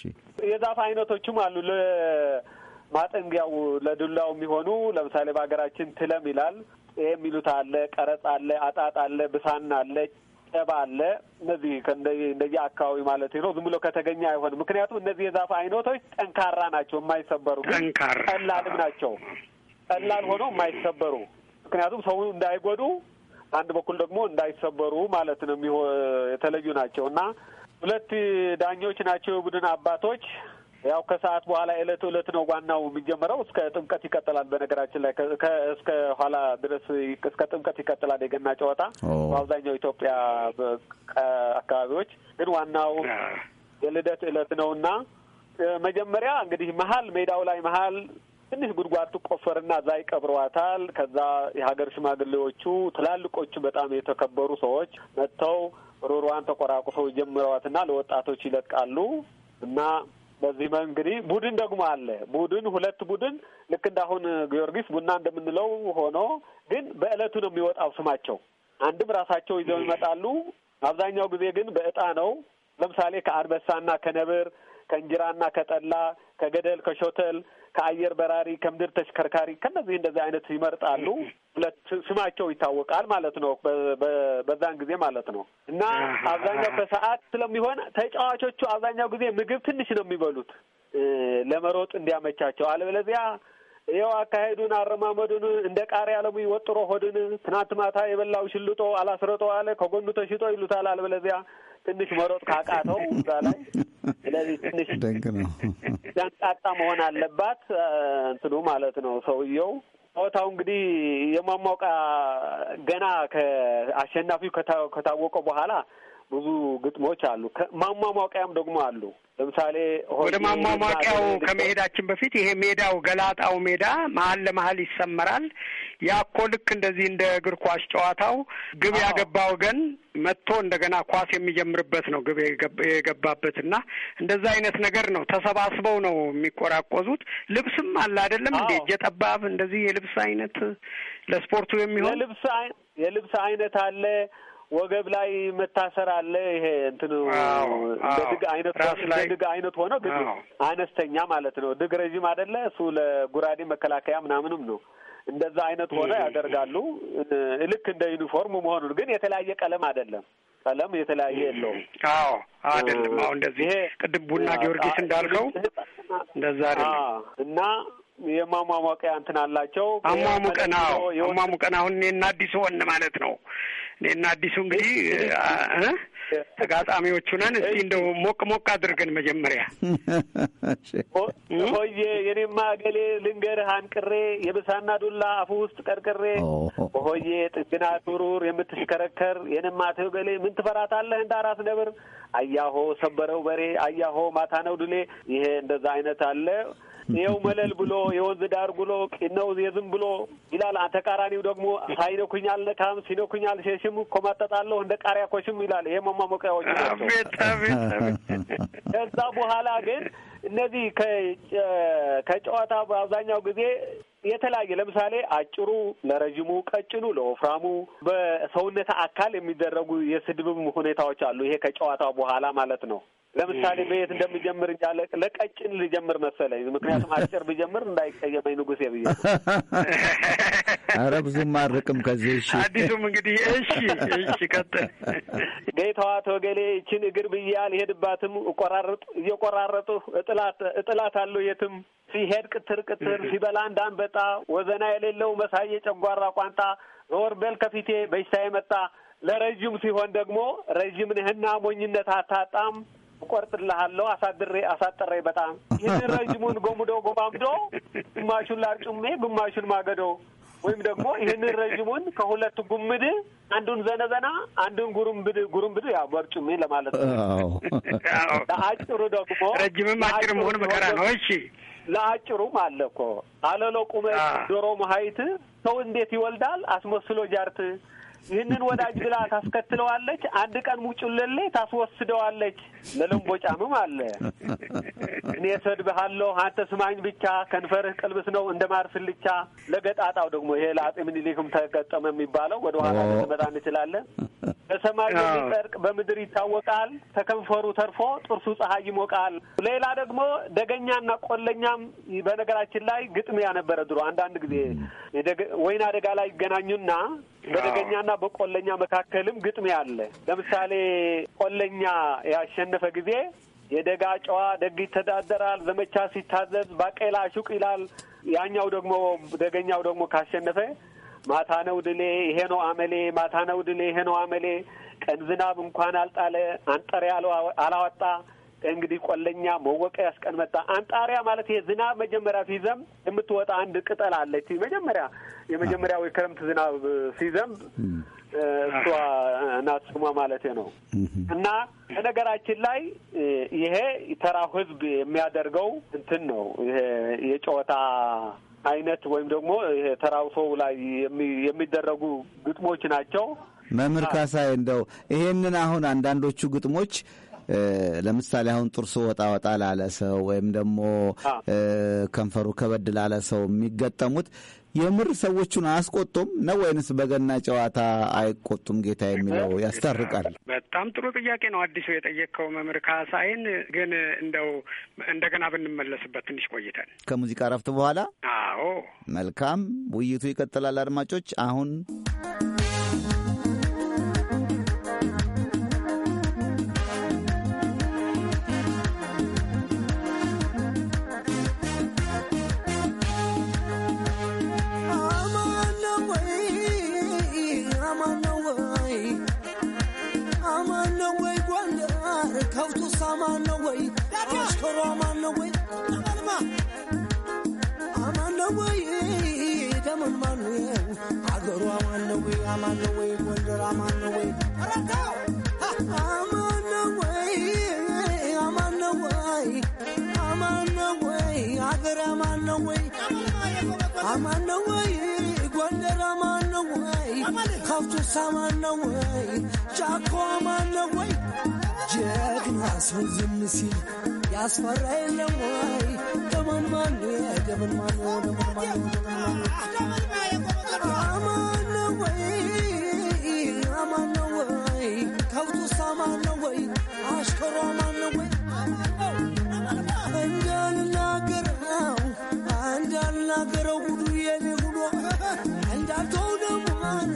የዛፍ አይነቶችም አሉ። ለማጠንጊያው ለዱላው የሚሆኑ ለምሳሌ በሀገራችን ትለም ይላል ይሄ የሚሉት አለ፣ ቀረጽ አለ፣ አጣጥ አለ፣ ብሳና አለ፣ ጨባ አለ። እነዚህ እንደየ አካባቢ ማለት ነው። ዝም ብሎ ከተገኘ አይሆንም። ምክንያቱም እነዚህ የዛፍ አይነቶች ጠንካራ ናቸው፣ የማይሰበሩ ጠንካራ ቀላልም ናቸው። ቀላል ሆነው የማይሰበሩ ምክንያቱም ሰው እንዳይጎዱ፣ አንድ በኩል ደግሞ እንዳይሰበሩ ማለት ነው የተለዩ ናቸው እና ሁለት ዳኞች ናቸው የቡድን አባቶች። ያው ከሰዓት በኋላ እለት እለት ነው ዋናው የሚጀምረው። እስከ ጥምቀት ይቀጥላል። በነገራችን ላይ እስከ ኋላ ድረስ እስከ ጥምቀት ይቀጥላል የገና ጨዋታ በአብዛኛው ኢትዮጵያ አካባቢዎች። ግን ዋናው የልደት እለት ነው እና መጀመሪያ እንግዲህ መሀል ሜዳው ላይ መሀል ትንሽ ጉድጓድ ትቆፈርና እዛ ይቀብሯታል። ከዛ የሀገር ሽማግሌዎቹ ትላልቆቹ በጣም የተከበሩ ሰዎች መጥተው ሩሯን ተቆራቁሰው ጀምረዋትና ለወጣቶች ይለቃሉ እና በዚህ እንግዲህ ቡድን ደግሞ አለ። ቡድን ሁለት ቡድን ልክ እንዳሁን ጊዮርጊስ ቡና እንደምንለው ሆኖ ግን በእለቱ ነው የሚወጣው ስማቸው። አንድም ራሳቸው ይዘው ይመጣሉ። አብዛኛው ጊዜ ግን በእጣ ነው። ለምሳሌ ከአንበሳና ከነብር ከእንጀራና ከጠላ ከገደል ከሾተል ከአየር በራሪ ከምድር ተሽከርካሪ ከነዚህ እንደዚህ አይነት ይመርጣሉ። ሁለት ስማቸው ይታወቃል ማለት ነው በዛን ጊዜ ማለት ነው። እና አብዛኛው ከሰዓት ስለሚሆን ተጫዋቾቹ አብዛኛው ጊዜ ምግብ ትንሽ ነው የሚበሉት ለመሮጥ እንዲያመቻቸው። አለበለዚያ ይኸው አካሄዱን አረማመዱን እንደ ቃሪያ ለሙ ወጥሮ ሆድን ትናንት ማታ የበላው ሽልጦ አላስረጦ አለ ከጎኑ ተሽጦ ይሉታል። አለበለዚያ ትንሽ መሮጥ ካቃተው እዛ ላይ ስለዚህ ትንሽ ደግ ነው ያንጣጣ መሆን አለባት እንትኑ ማለት ነው ሰውየው ቦታው እንግዲህ የሟሟቃ ገና ከአሸናፊው ከታወቀ በኋላ ብዙ ግጥሞች አሉ። ማሟሟቂያም ደግሞ አሉ። ለምሳሌ ወደ ማሟሟቂያው ከመሄዳችን በፊት ይሄ ሜዳው ገላጣው ሜዳ መሀል ለመሀል ይሰመራል ያ እኮ ልክ እንደዚህ እንደ እግር ኳስ ጨዋታው ግብ ያገባ ወገን መጥቶ እንደገና ኳስ የሚጀምርበት ነው ግብ የገባበት እና እንደዛ አይነት ነገር ነው። ተሰባስበው ነው የሚቆራቆዙት። ልብስም አለ አይደለም እንዴ? እጀጠባብ እንደዚህ የልብስ አይነት ለስፖርቱ የሚሆን የልብስ አይነት አለ ወገብ ላይ መታሰር አለ። ይሄ እንትን ድግ አይነት ድግ አይነት ሆነው ድግ አነስተኛ ማለት ነው። ድግ ረዥም አይደለ እሱ ለጉራዴ መከላከያ ምናምንም ነው። እንደዛ አይነት ሆነ ያደርጋሉ። ልክ እንደ ዩኒፎርም መሆኑን ግን የተለያየ ቀለም አይደለም። ቀለም የተለያየ የለውም። አዎ አይደለም። አሁ እንደዚህ ቅድም ቡና ጊዮርጊስ እንዳልከው እንደዛ አይደለም እና የማሟሟቂያ እንትን አላቸው። አሟሙቀን አዎ አሟሙቀን አሁን እኔና አዲስ ሆን ማለት ነው እኔና አዲሱ እንግዲህ ተጋጣሚዎቹ ነን። እስቲ እንደው ሞቅ ሞቅ አድርገን መጀመሪያ ሆዬ የኔማ ገሌ ልንገርህ አንቅሬ የብሳና ዱላ አፉ ውስጥ ቀርቅሬ ሆዬ ጥግና ቱሩር የምትሽከረከር የኔማ ተው ገሌ ምን ትፈራታለህ እንደ አራት ነብር አያሆ ሰበረው በሬ አያሆ ማታ ነው ድሌ ይሄ እንደዛ አይነት አለ ይኸው መለል ብሎ የወንዝ ዳር ብሎ ነው የዝም ብሎ ይላል። ተቃራኒው ደግሞ ሳይነኩኝ አልነካም፣ ሲነኩኝ አልሸሽም፣ ኮማጠጣለሁ እንደ ቃሪያ ኮሽም ይላል። ይሄ መሟሞቂያዎች ናቸው። ከዛ በኋላ ግን እነዚህ ከጨዋታ በአብዛኛው ጊዜ የተለያየ ለምሳሌ አጭሩ ለረዥሙ፣ ቀጭኑ ለወፍራሙ በሰውነት አካል የሚደረጉ የስድብም ሁኔታዎች አሉ። ይሄ ከጨዋታ በኋላ ማለት ነው። ለምሳሌ በየት እንደምጀምር እንጃ። ለቀጭን ልጀምር መሰለኝ፣ ምክንያቱም አጭር ብጀምር እንዳይቀየመኝ ንጉሴ ብዬ። አረ ብዙም አርቅም ከዚህ። እሺ አዲሱም እንግዲህ እሺ፣ እሺ ቀጥል። ጌታዋ ተወገሌ ይችን እግር ብዬ አልሄድባትም፣ እቆራረጡ እየቆራረጡ እጥላት አለው የትም ሲሄድ ቅትር ቅትር ሲበላ እንዳንበጣ ወዘና የሌለው መሳዬ ጨጓራ ቋንጣ በል ከፊቴ በሽታ የመጣ ለረዥም ሲሆን ደግሞ ረዥም ነህና ሞኝነት አታጣም ቆርጥልሃለሁ አሳድሬ አሳጠሬ በጣም ይህንን ረዥሙን ጎምዶ ጎማምዶ ግማሹን ላርጩሜ ግማሹን ማገዶ ወይም ደግሞ ይህንን ረዥሙን ከሁለቱ ጉምድ አንዱን ዘነዘና አንዱን ጉሩምብድ ጉሩምብድ ያ በርጩሜ ለማለት ነው። ለአጭሩ ደግሞ ረጅምም አጭር መሆን መከራ ነው። እሺ ለአጭሩም አለ እኮ አለሎ ቁመ ዶሮ መሀይት ሰው እንዴት ይወልዳል አስመስሎ ጃርት ይህንን ወዳጅ ብላ ታስከትለዋለች። አንድ ቀን ሙጭለሌ ታስወስደዋለች። ለለምቦጫምም አለ እኔ ሰድብሃለሁ አንተ ስማኝ ብቻ፣ ከንፈርህ ቅልብስ ነው እንደ ማርስልቻ። ለገጣጣው ደግሞ ይሄ ለአጼ ምኒልክም ተገጠመ የሚባለው ወደ ኋላ ልንመጣ እንችላለን። በሰማይ የሚጠርቅ በምድር ይታወቃል፣ ተከንፈሩ ተርፎ ጥርሱ ፀሐይ ይሞቃል። ሌላ ደግሞ ደገኛና ቆለኛም በነገራችን ላይ ግጥሚያ ነበረ ድሮ። አንዳንድ ጊዜ ወይን አደጋ ላይ ይገናኙና በደገኛና በቆለኛ መካከልም ግጥሚያ አለ። ለምሳሌ ቆለኛ ያሸነፈ ጊዜ የደጋ ጨዋ ደግ ይተዳደራል፣ ዘመቻ ሲታዘዝ ባቄላ ሹቅ ይላል። ያኛው ደግሞ ደገኛው ደግሞ ካሸነፈ ማታ ነው ድሌ ይሄ ነው አመሌ፣ ማታ ነው ድሌ ይሄ ነው አመሌ፣ ቀን ዝናብ እንኳን አልጣለ አንጠሪ አላዋጣ እንግዲህ ቆለኛ፣ መወቀ ቀን መጣ፣ አንጣሪያ ማለት ይሄ ዝናብ መጀመሪያ ሲዘም የምትወጣ አንድ ቅጠል አለች። መጀመሪያ የመጀመሪያው የክረምት ዝናብ ሲዘም እሷ ናት ስሟ ማለት ነው። እና በነገራችን ላይ ይሄ ተራው ህዝብ የሚያደርገው እንትን ነው ይሄ የጨዋታ አይነት ወይም ደግሞ ተራው ሰው ላይ የሚደረጉ ግጥሞች ናቸው። መምህር ካሳይ እንደው ይሄንን አሁን አንዳንዶቹ ግጥሞች ለምሳሌ አሁን ጥርሱ ወጣ ወጣ ላለ ሰው ወይም ደግሞ ከንፈሩ ከበድ ላለ ሰው የሚገጠሙት የምር ሰዎቹን አያስቆጡም ነው ወይንስ በገና ጨዋታ አይቆጡም ጌታ የሚለው ያስታርቃል? በጣም ጥሩ ጥያቄ ነው አዲሱ የጠየቀው መምህር ካሳይን። ግን እንደው እንደገና ብንመለስበት ትንሽ ቆይተን ከሙዚቃ ረፍት በኋላ። አዎ፣ መልካም ውይይቱ ይቀጥላል አድማጮች አሁን I'm on the way. That's called I'm on the way. I'm on the way. I'm on the way. I go I'm on the way. I'm on the way. I'm on the way. አገር አማን ነው ወይ? አማን ነው ወይ? ጎንደር አማን ነው ወይ? ካፍቶስ አማን ነው ወይ? ጫኮ አማን ነው ወይ? ጀግና ሰው ዝም ሲል ያስፈራ የለም ወይ? ደመን ማን ደመን ማን ደመን ማን አማን ነው ወይ? አማን ነው ወይ? ካፍቶስ አማን ነው ወይ? አሽከሮ አማን ነው ወይ? የምናገረው ሁሉ የኔ ሁኖ እንዳልተው ደሙማን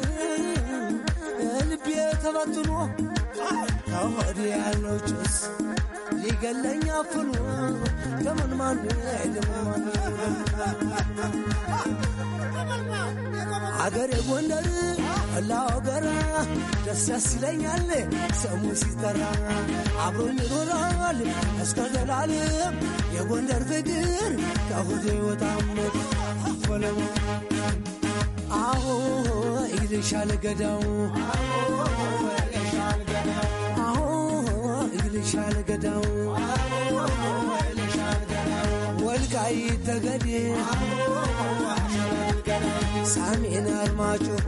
ልቤ ተበትኖ ከሆድ ያለው ጭስ ይገለኛ ፍሉ ከምን ማን አገሬ ጎንደር ላወገራ ደስ ያስለኛል ሰሙ ሲጠራ አብሮኝ ይኖራል እስከ ዘላለም የጎንደር ፍቅር ከሁሉ ይወጣም። አዎ ይልሻል ገዳው ይልሻል ገዳው ወልቃይት ጠገዴ ሳሜን አርማጭሆ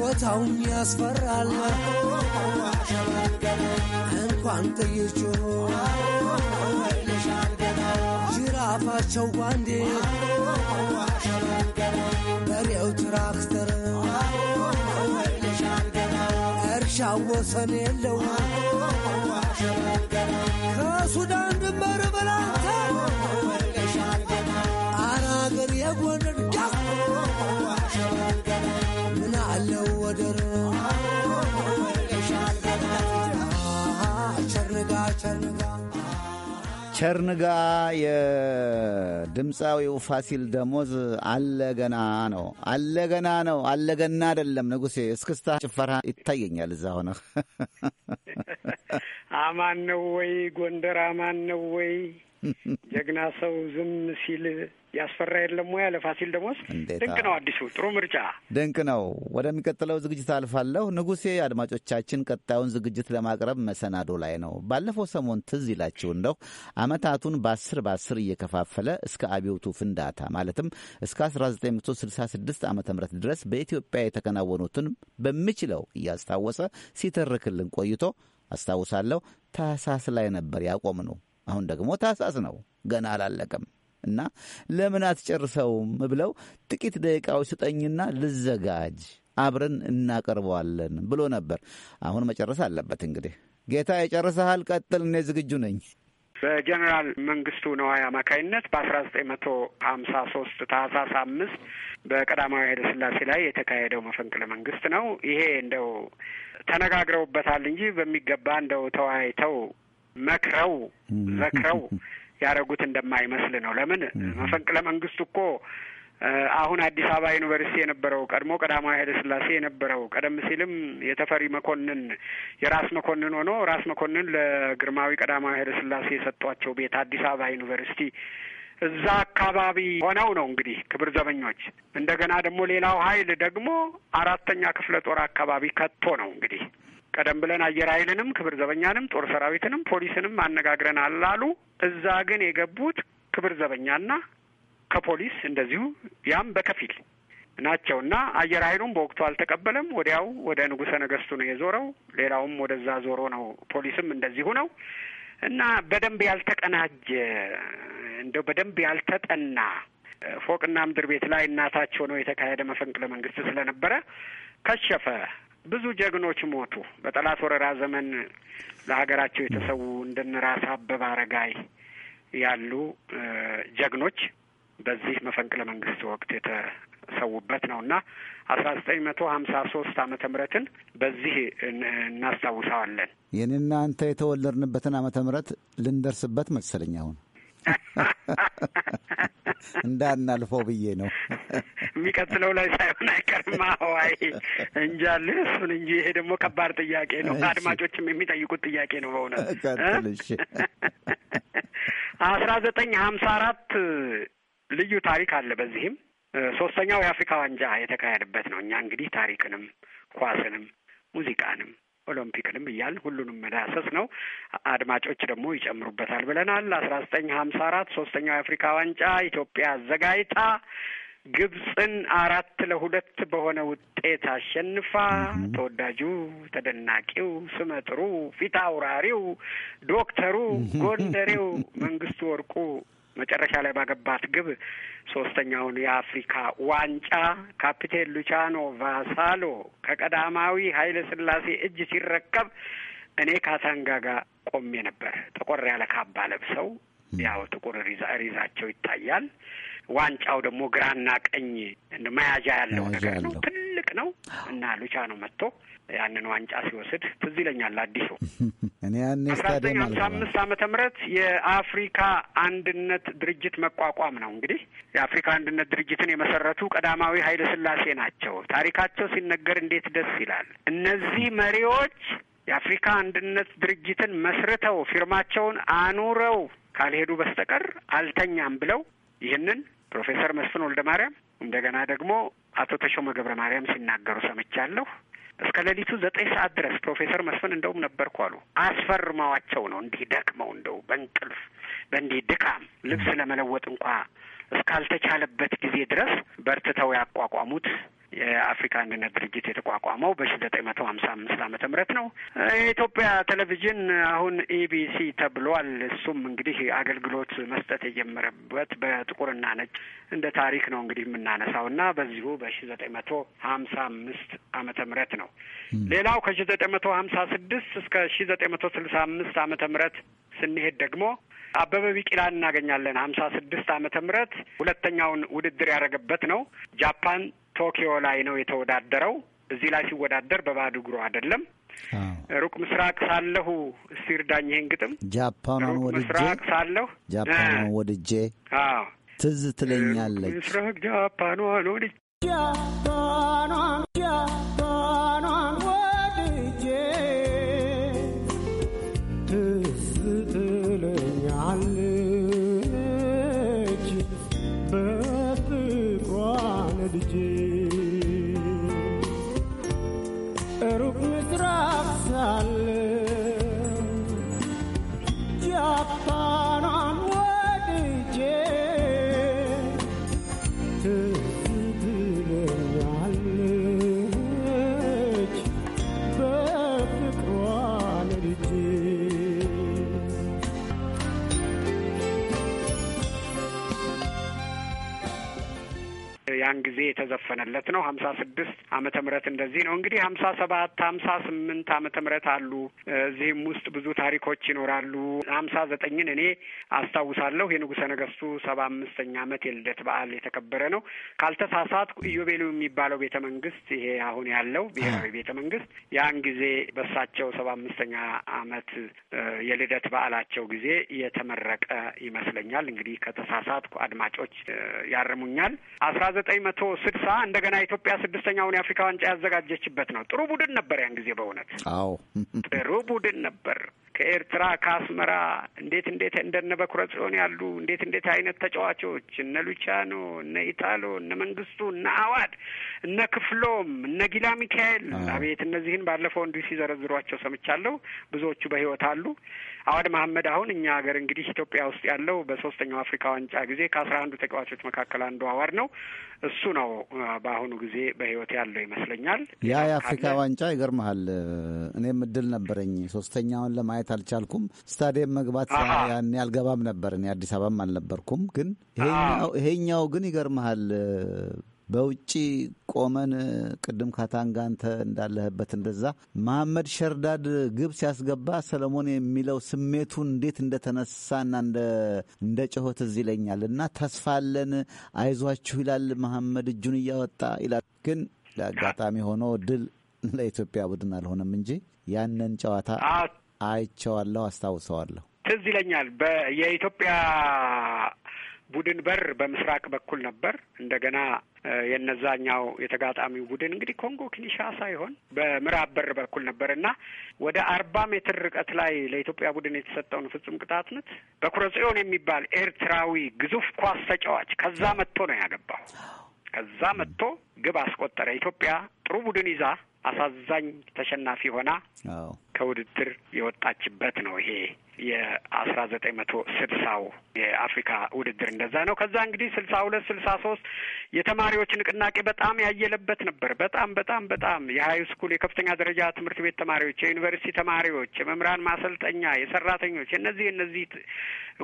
ቦታውም ያስፈራል እንኳን ጠይችሆ ጅራፋቸው ጓንዴ በሬው ትራክተ ወሰን የለው ከሱዳን ድንበር በላይ ቸርንጋ የድምፃዊው ፋሲል ደሞዝ አለገና ነው አለገና ነው አለገና አይደለም። ንጉሴ እስክስታ ጭፈራ ይታየኛል እዛ ሆነ። አማን ነው ወይ ጎንደር? አማን ነው ወይ ጀግና ሰው ዝም ሲል ያስፈራ የለም ሙያ ፋሲል ደሞዝ ድንቅ ነው። አዲሱ ጥሩ ምርጫ ድንቅ ነው። ወደሚቀጥለው ዝግጅት አልፋለሁ። ንጉሴ አድማጮቻችን ቀጣዩን ዝግጅት ለማቅረብ መሰናዶ ላይ ነው። ባለፈው ሰሞን ትዝ ይላችሁ እንደው አመታቱን በአስር በአስር እየከፋፈለ እስከ አብዮቱ ፍንዳታ ማለትም እስከ 1966 ዓ ም ድረስ በኢትዮጵያ የተከናወኑትን በሚችለው እያስታወሰ ሲተርክልን ቆይቶ አስታውሳለሁ ታህሳስ ላይ ነበር ያቆም ነው አሁን ደግሞ ታህሳስ ነው፣ ገና አላለቀም እና ለምን አትጨርሰውም ብለው ጥቂት ደቂቃዎች ስጠኝና ልዘጋጅ፣ አብረን እናቀርበዋለን ብሎ ነበር። አሁን መጨረስ አለበት እንግዲህ። ጌታ የጨርሰሃል፣ ቀጥል፣ እኔ ዝግጁ ነኝ። በጀኔራል መንግስቱ ነዋይ አማካኝነት በአስራ ዘጠኝ መቶ ሀምሳ ሶስት ታህሳስ አምስት በቀዳማዊ ኃይለ ሥላሴ ላይ የተካሄደው መፈንቅለ መንግስት ነው። ይሄ እንደው ተነጋግረውበታል እንጂ በሚገባ እንደው ተወያይተው መክረው ዘክረው ያደረጉት እንደማይመስል ነው። ለምን መፈንቅለ መንግስት እኮ አሁን አዲስ አበባ ዩኒቨርሲቲ የነበረው ቀድሞ ቀዳማዊ ኃይለ ሥላሴ የነበረው ቀደም ሲልም የተፈሪ መኮንን የራስ መኮንን ሆኖ ራስ መኮንን ለግርማዊ ቀዳማዊ ኃይለ ሥላሴ የሰጧቸው ቤት አዲስ አበባ ዩኒቨርሲቲ እዛ አካባቢ ሆነው ነው እንግዲህ ክብር ዘበኞች። እንደገና ደግሞ ሌላው ኃይል ደግሞ አራተኛ ክፍለ ጦር አካባቢ ከቶ ነው እንግዲህ ቀደም ብለን አየር ኃይልንም ክብር ዘበኛንም ጦር ሰራዊትንም ፖሊስንም አነጋግረናል አሉ። እዛ ግን የገቡት ክብር ዘበኛና ከፖሊስ እንደዚሁ ያም በከፊል ናቸውና አየር ኃይሉም በወቅቱ አልተቀበለም። ወዲያው ወደ ንጉሰ ነገስቱ ነው የዞረው። ሌላውም ወደዛ ዞሮ ነው። ፖሊስም እንደዚሁ ነው እና በደንብ ያልተቀናጀ እንደው በደንብ ያልተጠና ፎቅና ምድር ቤት ላይ እናታቸው ነው የተካሄደ መፈንቅለ መንግስት ስለነበረ ከሸፈ ብዙ ጀግኖች ሞቱ። በጠላት ወረራ ዘመን ለሀገራቸው የተሰዉ እንደነራስ አበበ አረጋይ ያሉ ጀግኖች በዚህ መፈንቅለ መንግስት ወቅት የተሰዉበት ነው እና አስራ ዘጠኝ መቶ ሀምሳ ሶስት አመተ ምህረትን በዚህ እናስታውሰዋለን። የኔና አንተ የተወለድንበትን አመተ ምህረት ልንደርስበት መሰለኝ አሁን እንዳናልፈው ብዬ ነው። የሚቀጥለው ላይ ሳይሆን አይቀርማ ዋይ እንጃል እሱን እንጂ ይሄ ደግሞ ከባድ ጥያቄ ነው። አድማጮችም የሚጠይቁት ጥያቄ ነው። በእውነት አስራ ዘጠኝ ሀምሳ አራት ልዩ ታሪክ አለ። በዚህም ሶስተኛው የአፍሪካ ዋንጫ የተካሄደበት ነው። እኛ እንግዲህ ታሪክንም ኳስንም ሙዚቃንም ኦሎምፒክንም እያል ሁሉንም መዳሰስ ነው። አድማጮች ደግሞ ይጨምሩበታል ብለናል። አስራ ዘጠኝ ሀምሳ አራት ሶስተኛው የአፍሪካ ዋንጫ ኢትዮጵያ አዘጋጅታ ግብፅን አራት ለሁለት በሆነ ውጤት አሸንፋ ተወዳጁ ተደናቂው ስመጥሩ ፊት አውራሪው ዶክተሩ ጎንደሬው መንግስቱ ወርቁ መጨረሻ ላይ ባገባት ግብ ሶስተኛውን የአፍሪካ ዋንጫ ካፒቴን ሉቻኖ ቫሳሎ ከቀዳማዊ ኃይለ ሥላሴ እጅ ሲረከብ እኔ ካታንጋ ጋር ቆሜ ነበር። ጠቆር ያለ ካባ ለብሰው ያው ጥቁር ሪዛቸው ይታያል። ዋንጫው ደግሞ ግራና ቀኝ መያዣ ያለው ነገር ነው። ትልቅ ነው እና ሉቻ ነው መጥቶ ያንን ዋንጫ ሲወስድ ትዝ ይለኛል። አዲሱ እኔ ያኔ ስታዲየም ሀምሳ አምስት አመተ ምህረት የአፍሪካ አንድነት ድርጅት መቋቋም ነው እንግዲህ የአፍሪካ አንድነት ድርጅትን የመሰረቱ ቀዳማዊ ኃይለ ሥላሴ ናቸው። ታሪካቸው ሲነገር እንዴት ደስ ይላል! እነዚህ መሪዎች የአፍሪካ አንድነት ድርጅትን መስርተው ፊርማቸውን አኑረው ካልሄዱ በስተቀር አልተኛም ብለው ይህንን ፕሮፌሰር መስፍን ወልደ ማርያም እንደገና ደግሞ አቶ ተሾመ ገብረ ማርያም ሲናገሩ ሰምቻለሁ። እስከ ሌሊቱ ዘጠኝ ሰዓት ድረስ ፕሮፌሰር መስፍን እንደውም ነበርኩ አሉ። አስፈርመዋቸው ነው እንዲህ ደክመው እንደው በእንቅልፍ በእንዲህ ድካም ልብስ ለመለወጥ እንኳ እስካልተቻለበት ጊዜ ድረስ በርትተው ያቋቋሙት የአፍሪካ አንድነት ድርጅት የተቋቋመው በሺ ዘጠኝ መቶ ሀምሳ አምስት ዓመተ ምህረት ነው። የኢትዮጵያ ቴሌቪዥን አሁን ኢቢሲ ተብሏል። እሱም እንግዲህ አገልግሎት መስጠት የጀመረበት በጥቁርና ነጭ እንደ ታሪክ ነው እንግዲህ የምናነሳው እና በዚሁ በሺ ዘጠኝ መቶ ሀምሳ አምስት አመተ ምህረት ነው። ሌላው ከሺ ዘጠኝ መቶ ሀምሳ ስድስት እስከ ሺ ዘጠኝ መቶ ስልሳ አምስት ዓመተ ምህረት ስንሄድ ደግሞ አበበ ቢቂላን እናገኛለን። ሀምሳ ስድስት አመተ ምህረት ሁለተኛውን ውድድር ያደረገበት ነው። ጃፓን ቶኪዮ ላይ ነው የተወዳደረው። እዚህ ላይ ሲወዳደር በባዶ እግሩ አይደለም። ሩቅ ምስራቅ ሳለሁ እስቲር ዳኝ ይህን ግጥም ጃፓኗን ወድጄ ሳለሁ ጃፓኗን ወድጄ ትዝ ትለኛለች ምስራቅ ጃፓኗን ወድጄ ጃፓኗን ጃፓኗን ያን ጊዜ የተዘፈነለት ነው። ሀምሳ ስድስት አመተ ምህረት እንደዚህ ነው እንግዲህ ሀምሳ ሰባት ሀምሳ ስምንት አመተ ምህረት አሉ። እዚህም ውስጥ ብዙ ታሪኮች ይኖራሉ። ሀምሳ ዘጠኝን እኔ አስታውሳለሁ። የንጉሰ ነገስቱ ሰባ አምስተኛ አመት የልደት በዓል የተከበረ ነው። ካልተሳሳት ኢዮቤሉ የሚባለው ቤተ መንግስት ይሄ አሁን ያለው ብሔራዊ ቤተ መንግስት ያን ጊዜ በሳቸው ሰባ አምስተኛ አመት የልደት በዓላቸው ጊዜ የተመረቀ ይመስለኛል። እንግዲህ ከተሳሳትኩ አድማጮች ያርሙኛል። አስራ ዘጠኝ ዘጠኝ መቶ ስድሳ እንደገና ኢትዮጵያ ስድስተኛውን የአፍሪካ ዋንጫ ያዘጋጀችበት ነው። ጥሩ ቡድን ነበር ያን ጊዜ በእውነት አዎ፣ ጥሩ ቡድን ነበር። ከኤርትራ ከአስመራ እንዴት እንዴት እንደነ በኩረ ጽዮን ያሉ እንዴት እንዴት አይነት ተጫዋቾች እነ ሉቻኖ እነ ኢታሎ እነ መንግስቱ እነ አዋድ እነ ክፍሎም እነ ጊላ ሚካኤል አቤት እነዚህን ባለፈው እንዲሁ ሲዘረዝሯቸው ሰምቻለሁ። ብዙዎቹ በህይወት አሉ። አዋድ መሀመድ አሁን እኛ ሀገር እንግዲህ ኢትዮጵያ ውስጥ ያለው በሶስተኛው አፍሪካ ዋንጫ ጊዜ ከአስራ አንዱ ተጫዋቾች መካከል አንዱ አዋድ ነው። እሱ ነው በአሁኑ ጊዜ በህይወት ያለው ይመስለኛል። ያ የአፍሪካ ዋንጫ ይገርመሃል። እኔም እድል ነበረኝ ሶስተኛውን ለማየት መግባት አልቻልኩም። ስታዲየም መግባት ያን አልገባም ነበር እኔ አዲስ አበባም አልነበርኩም። ግን ይሄኛው ግን ይገርመሃል በውጭ ቆመን ቅድም ካታንጋ አንተ እንዳለህበት እንደዛ መሐመድ ሸርዳድ ግብ ሲያስገባ ሰለሞን የሚለው ስሜቱ እንዴት እንደተነሳና እንደ ጭሆት እዚህ ይለኛል። እና ተስፋ አለን አይዟችሁ ይላል መሐመድ እጁን እያወጣ ይላል። ግን ለአጋጣሚ ሆኖ ድል ለኢትዮጵያ ቡድን አልሆነም እንጂ ያንን ጨዋታ አይቸዋለሁ፣ አስታውሰዋለሁ። ትዝ ይለኛል። የኢትዮጵያ ቡድን በር በምስራቅ በኩል ነበር። እንደገና የነዛኛው የተጋጣሚው ቡድን እንግዲህ ኮንጎ ኪንሻሳ ሳይሆን በምዕራብ በር በኩል ነበር እና ወደ አርባ ሜትር ርቀት ላይ ለኢትዮጵያ ቡድን የተሰጠውን ፍጹም ቅጣት ምት በኩረጽዮን የሚባል ኤርትራዊ ግዙፍ ኳስ ተጫዋች ከዛ መጥቶ ነው ያገባው። ከዛ መጥቶ ግብ አስቆጠረ። ኢትዮጵያ ጥሩ ቡድን ይዛ አሳዛኝ ተሸናፊ ሆና ከውድድር የወጣችበት ነው ይሄ የአስራ ዘጠኝ መቶ ስልሳው የአፍሪካ ውድድር እንደዛ ነው። ከዛ እንግዲህ ስልሳ ሁለት ስልሳ ሶስት የተማሪዎች ንቅናቄ በጣም ያየለበት ነበር። በጣም በጣም በጣም የሀይ ስኩል የከፍተኛ ደረጃ ትምህርት ቤት ተማሪዎች፣ የዩኒቨርሲቲ ተማሪዎች፣ የመምህራን ማሰልጠኛ፣ የሰራተኞች እነዚህ እነዚህ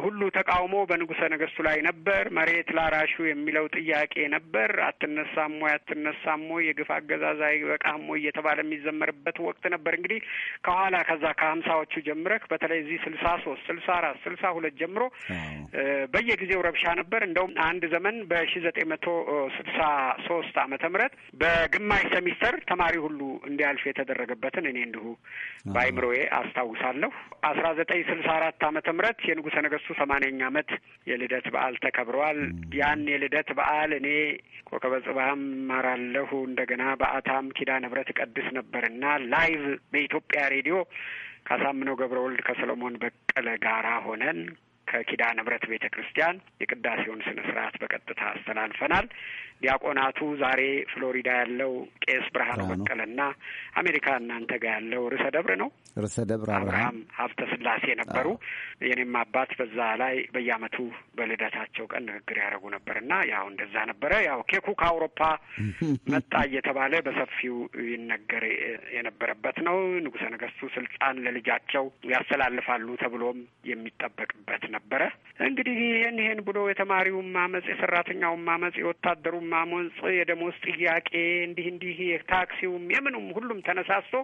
ሁሉ ተቃውሞ በንጉሰ ነገስቱ ላይ ነበር። መሬት ላራሹ የሚለው ጥያቄ ነበር። አትነሳም ወይ አትነሳም ወይ የግፍ አገዛዛይ አይበቃም ወይ እየተባለ የሚዘመርበት ወቅት ነበር። እንግዲህ ከኋላ ከዛ ከሀምሳዎቹ ጀምረክ በተለይ እዚህ ስልሳ ሶስት ስልሳ አራት ስልሳ ሁለት ጀምሮ በየጊዜው ረብሻ ነበር። እንደውም አንድ ዘመን በሺ ዘጠኝ መቶ ስልሳ ሶስት አመተ ምህረት በግማሽ ሰሚስተር ተማሪ ሁሉ እንዲያልፍ የተደረገበትን እኔ እንዲሁ በአይምሮዬ አስታውሳለሁ። አስራ ዘጠኝ ስልሳ አራት አመተ ምህረት የንጉሰ ነገስቱ ሰማንያኛ ዓመት የልደት በዓል ተከብረዋል። ያን የልደት በዓል እኔ ኮከበ ጽባህም እማራለሁ እንደገና በአታም ኪዳነ ምህረት እቀድስ ነበርና ላይቭ በኢትዮጵያ ሬዲዮ ካሳምነው ገብረ ወልድ ከሰለሞን በቀለ ጋራ ሆነን ከኪዳነ ምሕረት ቤተ ክርስቲያን የቅዳሴውን ስነ ስርዓት በቀጥታ አስተላልፈናል። ዲያቆናቱ ዛሬ ፍሎሪዳ ያለው ቄስ ብርሃን በቀለና አሜሪካ እናንተ ጋር ያለው ርዕሰ ደብር ነው ርዕሰ ደብር አብርሃም ሀብተ ስላሴ ነበሩ። የኔም አባት በዛ ላይ በየዓመቱ በልደታቸው ቀን ንግግር ያደረጉ ነበርና ያው እንደዛ ነበረ። ያው ኬኩ ከአውሮፓ መጣ እየተባለ በሰፊው ይነገር የነበረበት ነው። ንጉሰ ነገስቱ ስልጣን ለልጃቸው ያስተላልፋሉ ተብሎም የሚጠበቅበት ነበር። ነበረ። እንግዲህ ይህን ይህን ብሎ የተማሪውን ማመፅ፣ የሰራተኛውን ማመፅ፣ የወታደሩን አመፅ፣ የደሞዝ ጥያቄ እንዲህ እንዲህ የታክሲውም የምኑም ሁሉም ተነሳስቶ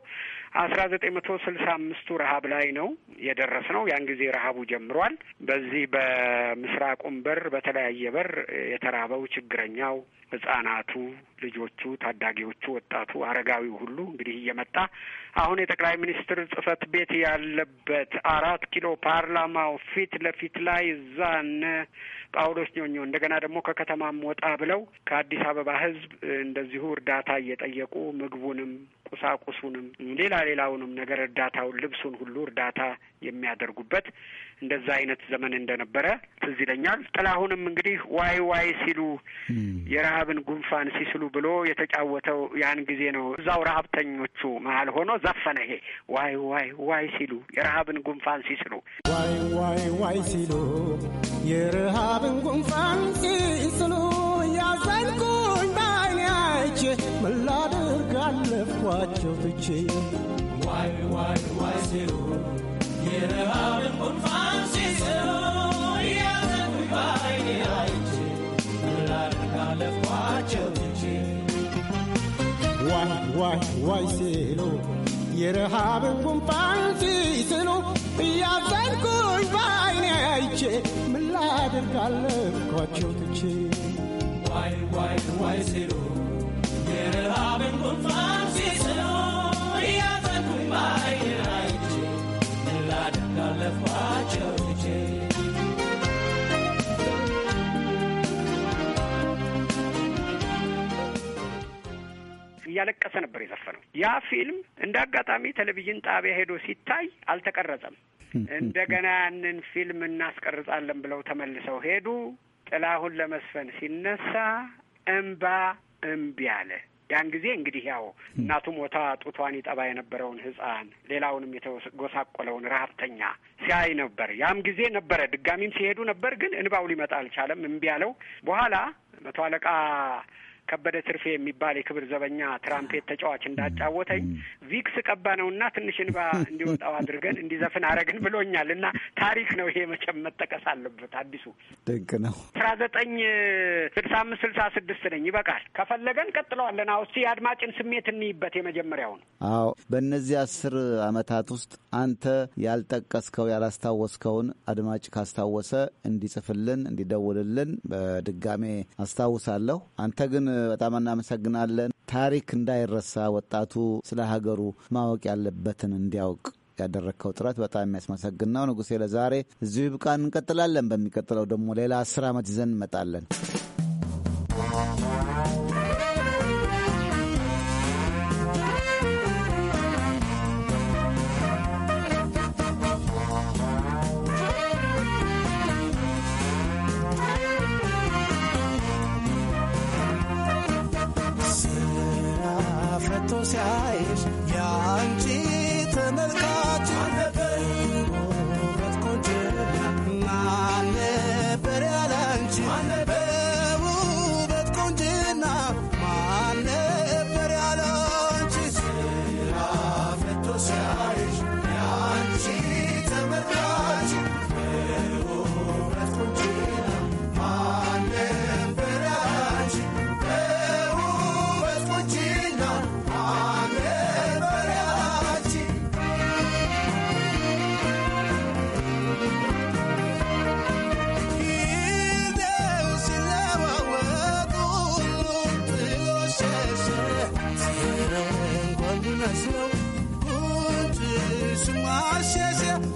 አስራ ዘጠኝ መቶ ስልሳ አምስቱ ረሀብ ላይ ነው የደረስ ነው። ያን ጊዜ ረሀቡ ጀምሯል። በዚህ በምስራቁም በር በተለያየ በር የተራበው ችግረኛው ህጻናቱ፣ ልጆቹ፣ ታዳጊዎቹ፣ ወጣቱ፣ አረጋዊው ሁሉ እንግዲህ እየመጣ አሁን የጠቅላይ ሚኒስትር ጽህፈት ቤት ያለበት አራት ኪሎ ፓርላማው ፊት ለፊት ላይ እዛ እነ ጳውሎስ ኞኞ እንደገና ደግሞ ከከተማም ወጣ ብለው ከአዲስ አበባ ህዝብ እንደዚሁ እርዳታ እየጠየቁ ምግቡንም ቁሳቁሱንም ሌላ ሌላውንም ነገር እርዳታውን፣ ልብሱን ሁሉ እርዳታ የሚያደርጉበት እንደዛ አይነት ዘመን እንደነበረ ትዝ ይለኛል። ጥላሁንም እንግዲህ ዋይ ዋይ ሲሉ የረሀብን ጉንፋን ሲስሉ ብሎ የተጫወተው ያን ጊዜ ነው። እዛው ረሀብተኞቹ መሀል ሆኖ ዘፈነ። ይሄ ዋይ ዋይ ዋይ ሲሉ የረሀብን ጉንፋን ሲስሉ ዋይ ዋይ ዋይ ሲሉ የረሀብን ጉንፋን ሲስሉ ያዘንኩኝ ባይኔ አይቼ ምላደ አለፍኳቸው ትቼ ዋይ ዋይ ዋይ ሲሉ የረሃብን ጉንፋን ሲስሉ እያዘጉኝ ባይኔ አይቼ ምላድርግ ትቼ ዋይ ዋይ ዋይ ሲሉ የረሃብን ጉንፋን ሲስሉ እያዘንኩኝ ባይኔ አይቼ ምላድርግ አለፍኳቸው ትቼ ዋይ ዋይ ዋይ ሲሉ እያለቀሰ ነበር የዘፈነው። ያ ፊልም እንደ አጋጣሚ ቴሌቪዥን ጣቢያ ሄዶ ሲታይ አልተቀረጸም። እንደገና ያንን ፊልም እናስቀርጻለን ብለው ተመልሰው ሄዱ። ጥላሁን ለመስፈን ሲነሳ እምባ እምቢ አለ። ያን ጊዜ እንግዲህ ያው እናቱ ሞታ ጡቷን ይጠባ የነበረውን ህፃን ሌላውንም የተጎሳቆለውን ረሀብተኛ ሲያይ ነበር። ያም ጊዜ ነበረ። ድጋሚም ሲሄዱ ነበር፣ ግን እንባው ሊመጣ አልቻለም። እምቢ ያለው በኋላ መቶ አለቃ ከበደ ትርፌ የሚባል የክብር ዘበኛ ትራምፔት ተጫዋች እንዳጫወተኝ ቪክስ ቀባ ነውና ትንሽ እንባ እንዲወጣው አድርገን እንዲዘፍን አረግን ብሎኛል። እና ታሪክ ነው ይሄ መቼም መጠቀስ አለበት። አዲሱ ድንቅ ነው። አስራ ዘጠኝ ስልሳ አምስት ስልሳ ስድስት ነኝ። ይበቃል። ከፈለገን ቀጥለዋለን። አሁ እስቲ የአድማጭን ስሜት እንይበት። የመጀመሪያውን አዎ፣ በእነዚህ አስር አመታት ውስጥ አንተ ያልጠቀስከው ያላስታወስከውን አድማጭ ካስታወሰ እንዲጽፍልን እንዲደውልልን በድጋሜ አስታውሳለሁ። አንተ ግን በጣም እናመሰግናለን። ታሪክ እንዳይረሳ ወጣቱ ስለ ሀገሩ ማወቅ ያለበትን እንዲያውቅ ያደረግከው ጥረት በጣም የሚያስመሰግን ነው። ንጉሴ፣ ለዛሬ እዚሁ ይብቃን። እንቀጥላለን። በሚቀጥለው ደግሞ ሌላ አስር ዓመት ይዘን እንመጣለን።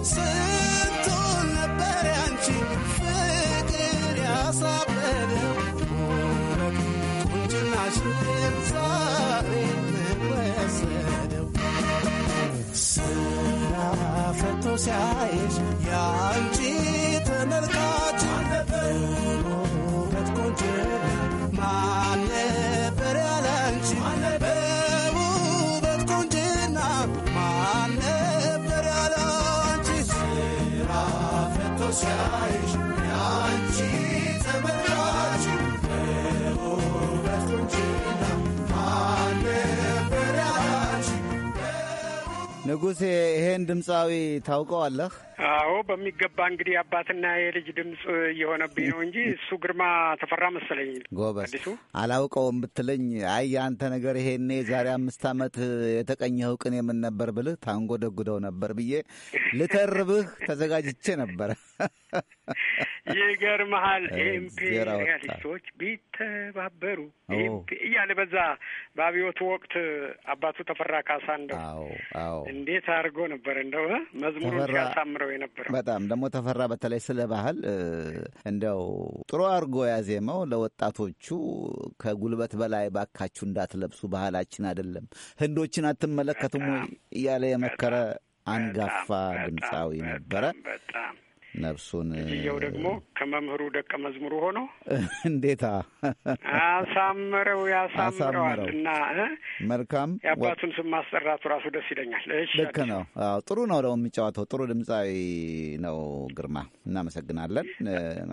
Say es ይህን ድምፃዊ ታውቀዋለህ? አዎ በሚገባ እንግዲህ አባትና የልጅ ድምፅ እየሆነብኝ ነው እንጂ እሱ ግርማ ተፈራ መሰለኝ። ጎበዝ አላውቀውም ብትለኝ፣ አይ የአንተ ነገር ይሄኔ ዛሬ አምስት ዓመት የተቀኘኸው ቅኔ የምን ነበር ብልህ ታንጎደጉደው ነበር ብዬ ልተርብህ ተዘጋጅቼ ነበረ። ይገርመሃል፣ ኢምፔሪያሊስቶች ቢተባበሩ እያለ በዛ በአብዮቱ ወቅት አባቱ ተፈራ ካሳ እንደው እንዴት አድርጎ ነበር ነበር እንደው መዝሙሩ ሲያሳምረው የነበረው በጣም ደግሞ ተፈራ በተለይ ስለ ባህል እንደው ጥሩ አድርጎ ያዜመው ለወጣቶቹ ከጉልበት በላይ ባካችሁ እንዳትለብሱ ባህላችን አይደለም ህንዶችን አትመለከቱም እያለ የመከረ አንጋፋ ድምፃዊ ነበረ። ነፍሱን ልጅየው ደግሞ ከመምህሩ ደቀ መዝሙሩ ሆኖ እንዴታ አሳምረው ያሳምረዋል። እና መልካም የአባቱን ስም ማስጠራቱ ራሱ ደስ ይለኛል። ልክ ነው። ጥሩ ነው ደግሞ የሚጫወተው ጥሩ ድምፃዊ ነው። ግርማ እናመሰግናለን።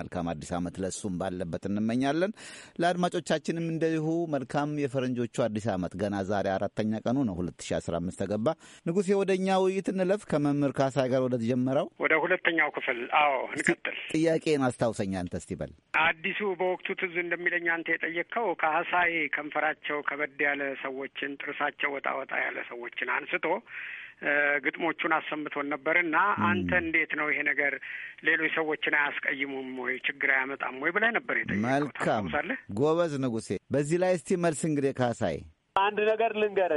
መልካም አዲስ አመት ለሱም ባለበት እንመኛለን። ለአድማጮቻችንም እንደዚሁ መልካም የፈረንጆቹ አዲስ ዓመት ገና ዛሬ አራተኛ ቀኑ ነው 2015 ተገባ። ንጉሴ ወደ እኛ ውይይት እንለፍ ከመምህር ካሳይ ጋር ወደ ተጀመረው ወደ ሁለተኛው ክፍል አዎ እንቀጥል። ጥያቄን አስታውሰኝ አንተ እስቲ በል አዲሱ። በወቅቱ ትዝ እንደሚለኝ አንተ የጠየቅከው ከሀሳይ ከንፈራቸው ከበድ ያለ ሰዎችን ጥርሳቸው ወጣ ወጣ ያለ ሰዎችን አንስቶ ግጥሞቹን አሰምቶን ነበር እና አንተ እንዴት ነው ይሄ ነገር ሌሎች ሰዎችን አያስቀይሙም ወይ ችግር አያመጣም ወይ ብለህ ነበር የጠየቀው። መልካም ጎበዝ ንጉሴ። በዚህ ላይ እስቲ መልስ እንግዲህ ካሳይ አንድ ነገር ልንገር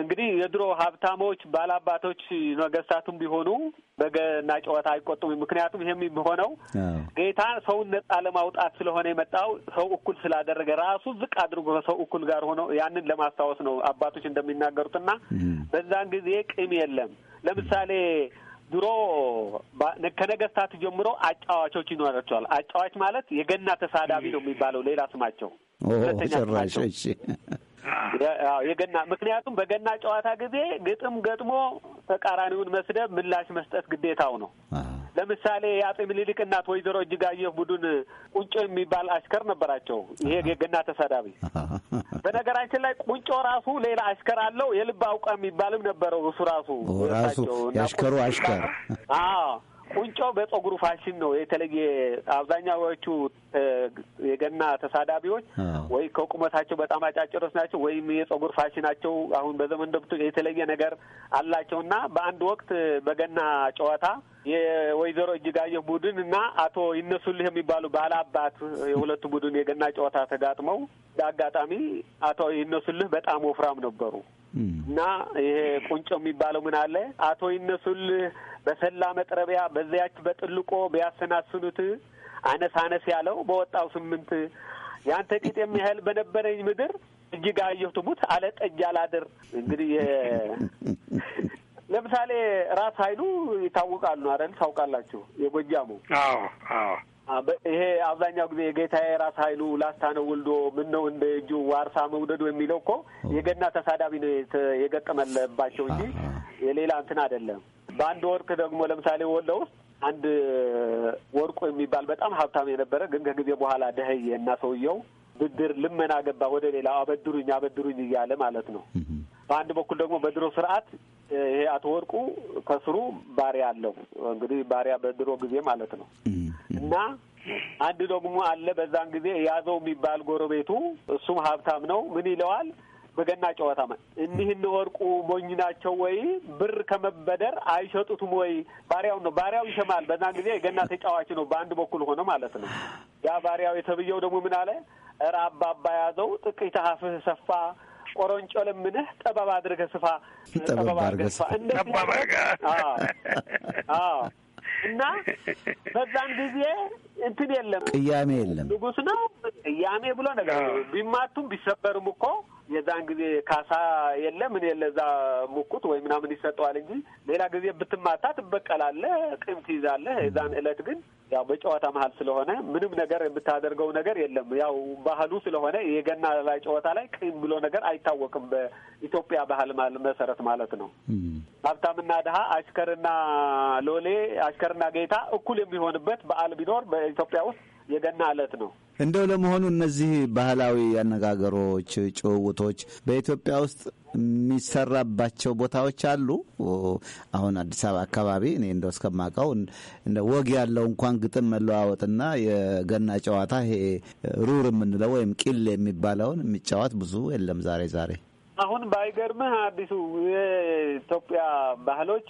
እንግዲህ የድሮ ሀብታሞች ባላባቶች ነገስታቱም ቢሆኑ በገና ጨዋታ አይቆጡም። ምክንያቱም ይሄም የሚሆነው ጌታ ሰውን ነጻ ለማውጣት ስለሆነ የመጣው ሰው እኩል ስላደረገ ራሱ ዝቅ አድርጎ ከሰው እኩል ጋር ሆኖ ያንን ለማስታወስ ነው አባቶች እንደሚናገሩትና በዛን ጊዜ ቂም የለም። ለምሳሌ ድሮ ከነገስታት ጀምሮ አጫዋቾች ይኖራቸዋል። አጫዋች ማለት የገና ተሳዳቢ ነው የሚባለው ሌላ ስማቸው ሁለተኛ ስማቸው የገና ምክንያቱም በገና ጨዋታ ጊዜ ግጥም ገጥሞ ተቃራኒውን መስደብ ምላሽ መስጠት ግዴታው ነው። ለምሳሌ የአጼ ምኒልክ እናት ወይዘሮ እጅጋየሁ ቡድን ቁንጮ የሚባል አሽከር ነበራቸው። ይሄ የገና ተሳዳቢ። በነገራችን ላይ ቁንጮ ራሱ ሌላ አሽከር አለው። የልብ አውቃ የሚባልም ነበረው እሱ ራሱ ራሱ የአሽከሩ አሽከር ቁንጮ በጸጉሩ ፋሽን ነው የተለየ። አብዛኛዎቹ የገና ተሳዳቢዎች ወይ ከቁመታቸው በጣም አጫጭሮች ናቸው ወይም የጸጉር ፋሽናቸው አሁን በዘመን ደብቶ የተለየ ነገር አላቸው እና በአንድ ወቅት በገና ጨዋታ የወይዘሮ እጅጋየሁ ቡድን እና አቶ ይነሱልህ የሚባሉ ባለአባት አባት የሁለቱ ቡድን የገና ጨዋታ ተጋጥመው በአጋጣሚ አቶ ይነሱልህ በጣም ወፍራም ነበሩ እና ይሄ ቁንጮ የሚባለው ምን አለ አቶ ይነሱልህ በሰላ መጥረቢያ በዚያች በጥልቆ ቢያሰናስኑት አነሳነስ ያለው በወጣው ስምንት ያንተ ቂጥ የሚያህል በነበረኝ ምድር እጅግ አየሁ ትሙት አለ ጠጅ አላድር። እንግዲህ ለምሳሌ ራስ ኃይሉ ይታወቃሉ አይደል? ታውቃላችሁ? የጎጃሙ አዎ፣ አዎ። ይሄ አብዛኛው ጊዜ የጌታዬ ራስ ኃይሉ ላስታ ነው ወልዶ ምን ነው እንደ እጁ ዋርሳ መውደዱ የሚለው እኮ የገና ተሳዳቢ ነው የገጠመለባቸው እንጂ የሌላ እንትን አይደለም። በአንድ ወርቅ ደግሞ ለምሳሌ ወሎ ውስጥ አንድ ወርቁ የሚባል በጣም ሀብታም የነበረ ግን ከጊዜ በኋላ ደህየ እና ሰውየው ብድር ልመና ገባ ወደ ሌላ አበድሩኝ አበድሩኝ እያለ ማለት ነው። በአንድ በኩል ደግሞ በድሮ ስርዓት ይሄ አቶ ወርቁ ከስሩ ባሪያ አለው እንግዲህ ባሪያ በድሮ ጊዜ ማለት ነው እና አንድ ደግሞ አለ በዛን ጊዜ ያዘው የሚባል ጎረቤቱ እሱም ሀብታም ነው። ምን ይለዋል? በገና ጨዋታ ማለት እኒህ እነ ወርቁ ሞኝ ናቸው ወይ? ብር ከመበደር አይሸጡትም ወይ? ባሪያው ነው ባሪያው ይሰማል። በዛን ጊዜ የገና ተጫዋች ነው በአንድ በኩል ሆነ ማለት ነው። ያ ባሪያው የተብየው ደግሞ ምን አለ? እረ አባባ ያዘው ጥቂት ሀፍህ ሰፋ ቆሮንጮ ለምንህ ጠበብ አድርገህ ስፋ፣ ጠበብ አድርገህ ስፋ እንደዚህ እና በዛን ጊዜ እንትን የለም ቅያሜ የለም። ንጉስ ነው ቅያሜ ብሎ ነገር ቢማቱም ቢሰበርም እኮ የዛን ጊዜ ካሳ የለ ምን የለ እዛ ሙቁት ወይ ምናምን ይሰጠዋል እንጂ ሌላ ጊዜ ብትማታ ትበቀላለህ፣ ቂም ትይዛለህ። የዛን እለት ግን ያው በጨዋታ መሀል ስለሆነ ምንም ነገር የምታደርገው ነገር የለም። ያው ባህሉ ስለሆነ የገና ላይ ጨዋታ ላይ ቅም ብሎ ነገር አይታወቅም። በኢትዮጵያ ባህል መሰረት ማለት ነው። ሀብታምና ድሀ፣ አሽከርና ሎሌ፣ አሽከርና ጌታ እኩል የሚሆንበት በዓል ቢኖር በኢትዮጵያ ውስጥ የገና ዕለት ነው። እንደው ለመሆኑ እነዚህ ባህላዊ አነጋገሮች፣ ጭውውቶች በኢትዮጵያ ውስጥ የሚሰራባቸው ቦታዎች አሉ። አሁን አዲስ አበባ አካባቢ እኔ እንደው እስከማውቀው እንደ ወግ ያለው እንኳን ግጥም መለዋወጥና የገና ጨዋታ ይሄ ሩር የምንለው ወይም ቂል የሚባለውን የሚጫወት ብዙ የለም ዛሬ ዛሬ አሁን ባይገርምህ አዲሱ የኢትዮጵያ ባህሎች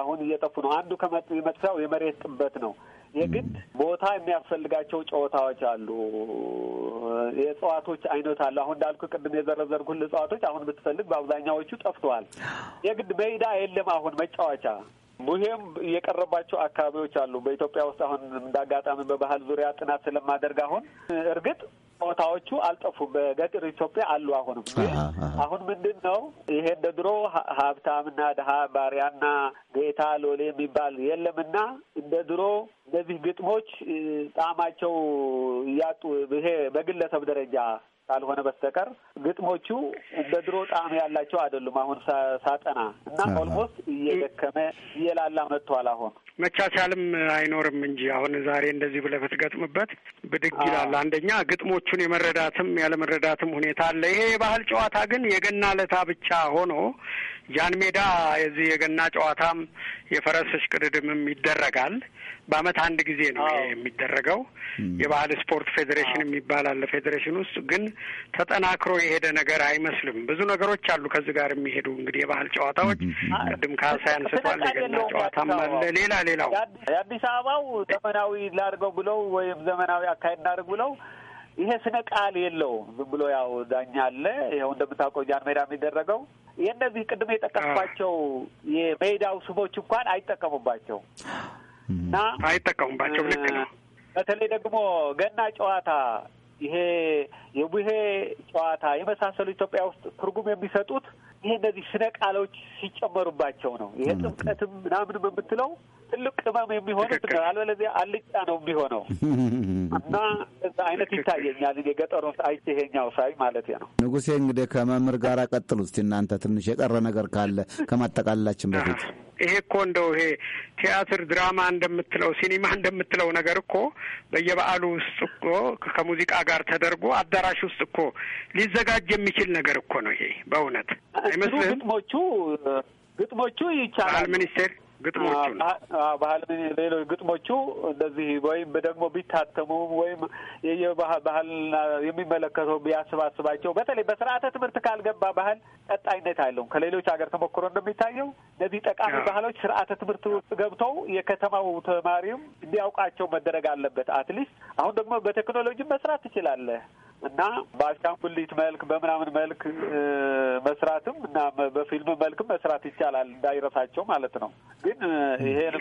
አሁን እየጠፉ ነው። አንዱ ከመጥፋው የመሬት ጥበት ነው። የግድ ቦታ የሚያስፈልጋቸው ጨዋታዎች አሉ። የእጽዋቶች አይነት አለ። አሁን እንዳልኩ ቅድም የዘረዘርኩልህ እጽዋቶች አሁን ብትፈልግ በአብዛኛዎቹ ጠፍተዋል። የግድ ሜዳ የለም አሁን መጫወቻ ሙዚየም የቀረባቸው አካባቢዎች አሉ። በኢትዮጵያ ውስጥ አሁን እንዳጋጣሚ በባህል ዙሪያ ጥናት ስለማደርግ አሁን እርግጥ ቦታዎቹ አልጠፉም። በገጠር ኢትዮጵያ አሉ። አሁንም አሁን ምንድን ነው ይሄ እንደ ድሮ ሀብታምና ድሀ ባሪያና ጌታ ሎሌ የሚባል የለምና እንደ ድሮ እነዚህ ግጥሞች ጣዕማቸው እያጡ ይሄ በግለሰብ ደረጃ ካልሆነ በስተቀር ግጥሞቹ በድሮ ጣዕም ያላቸው አይደሉም። አሁን ሳጠና እና ኦልሞስት እየደከመ እየላላ መጥቷል። አሁን መቻቻልም አይኖርም እንጂ አሁን ዛሬ እንደዚህ ብለህ ብትገጥምበት ብድግ ይላል። አንደኛ ግጥሞቹን የመረዳትም ያለመረዳትም ሁኔታ አለ። ይሄ የባህል ጨዋታ ግን የገና ለታ ብቻ ሆኖ ጃን ሜዳ የዚህ የገና ጨዋታም የፈረስ እሽቅድድምም ይደረጋል። በአመት አንድ ጊዜ ነው የሚደረገው። የባህል ስፖርት ፌዴሬሽን የሚባል አለ። ፌዴሬሽን ውስጥ ግን ተጠናክሮ የሄደ ነገር አይመስልም። ብዙ ነገሮች አሉ ከዚህ ጋር የሚሄዱ እንግዲህ የባህል ጨዋታዎች ቅድም ካሳ ያንስቷል። የገና ጨዋታም አለ። ሌላ ሌላው የአዲስ አበባው ዘመናዊ ላድርገው ብለው ወይም ዘመናዊ አካሄድ ላድርግ ብለው ይሄ ስነ ቃል የለውም። ዝም ብሎ ያው ዳኛ አለ። ይኸው እንደምታውቀው ጃን ሜዳ የሚደረገው የእነዚህ ቅድም የጠቀምባቸው የሜዳው ስሞች እንኳን አይጠቀሙባቸው እና አይጠቀሙባቸው። ልክ ነው። በተለይ ደግሞ ገና ጨዋታ ይሄ የቡሄ ጨዋታ የመሳሰሉ ኢትዮጵያ ውስጥ ትርጉም የሚሰጡት ይሄ እነዚህ ስነ ቃሎች ሲጨመሩባቸው ነው። ይሄ ጥምቀትም ምናምንም የምትለው ትልቅ ቅመም የሚሆኑት ነው። አለበለዚያ አልጫ ነው የሚሆነው እና እዛ አይነት ይታየኛል የገጠሩ አይቼ ይሄኛው ሳይ ማለት ነው። ንጉሴ እንግዲህ ከመምህር ጋር ቀጥሉ እስቲ እናንተ ትንሽ የቀረ ነገር ካለ ከማጠቃለላችን በፊት ይሄ እኮ እንደው ይሄ ቲያትር ድራማ እንደምትለው ሲኒማ እንደምትለው ነገር እኮ በየበዓሉ ውስጥ እኮ ከሙዚቃ ጋር ተደርጎ አዳራሽ ውስጥ እኮ ሊዘጋጅ የሚችል ነገር እኮ ነው። ይሄ በእውነት አይመስልም? ግጥሞቹ ግጥሞቹ ይቻላል ሚኒስቴር ግጥሞቹ ባህል ሌሎች ግጥሞቹ እንደዚህ ወይም ደግሞ ቢታተሙ ወይም የባህልና የሚመለከተው ቢያሰባስባቸው በተለይ በስርዓተ ትምህርት ካልገባ ባህል ቀጣይነት አለው ከሌሎች ሀገር ተሞክሮ እንደሚታየው እነዚህ ጠቃሚ ባህሎች ስርዓተ ትምህርት ውስጥ ገብተው የከተማው ተማሪም እንዲያውቃቸው መደረግ አለበት። አትሊስት አሁን ደግሞ በቴክኖሎጂ መስራት ትችላለህ እና በአሻንጉሊት መልክ በምናምን መልክ መስራትም እና በፊልም መልክም መስራት ይቻላል። እንዳይረሳቸው ማለት ነው። ግን ይሄን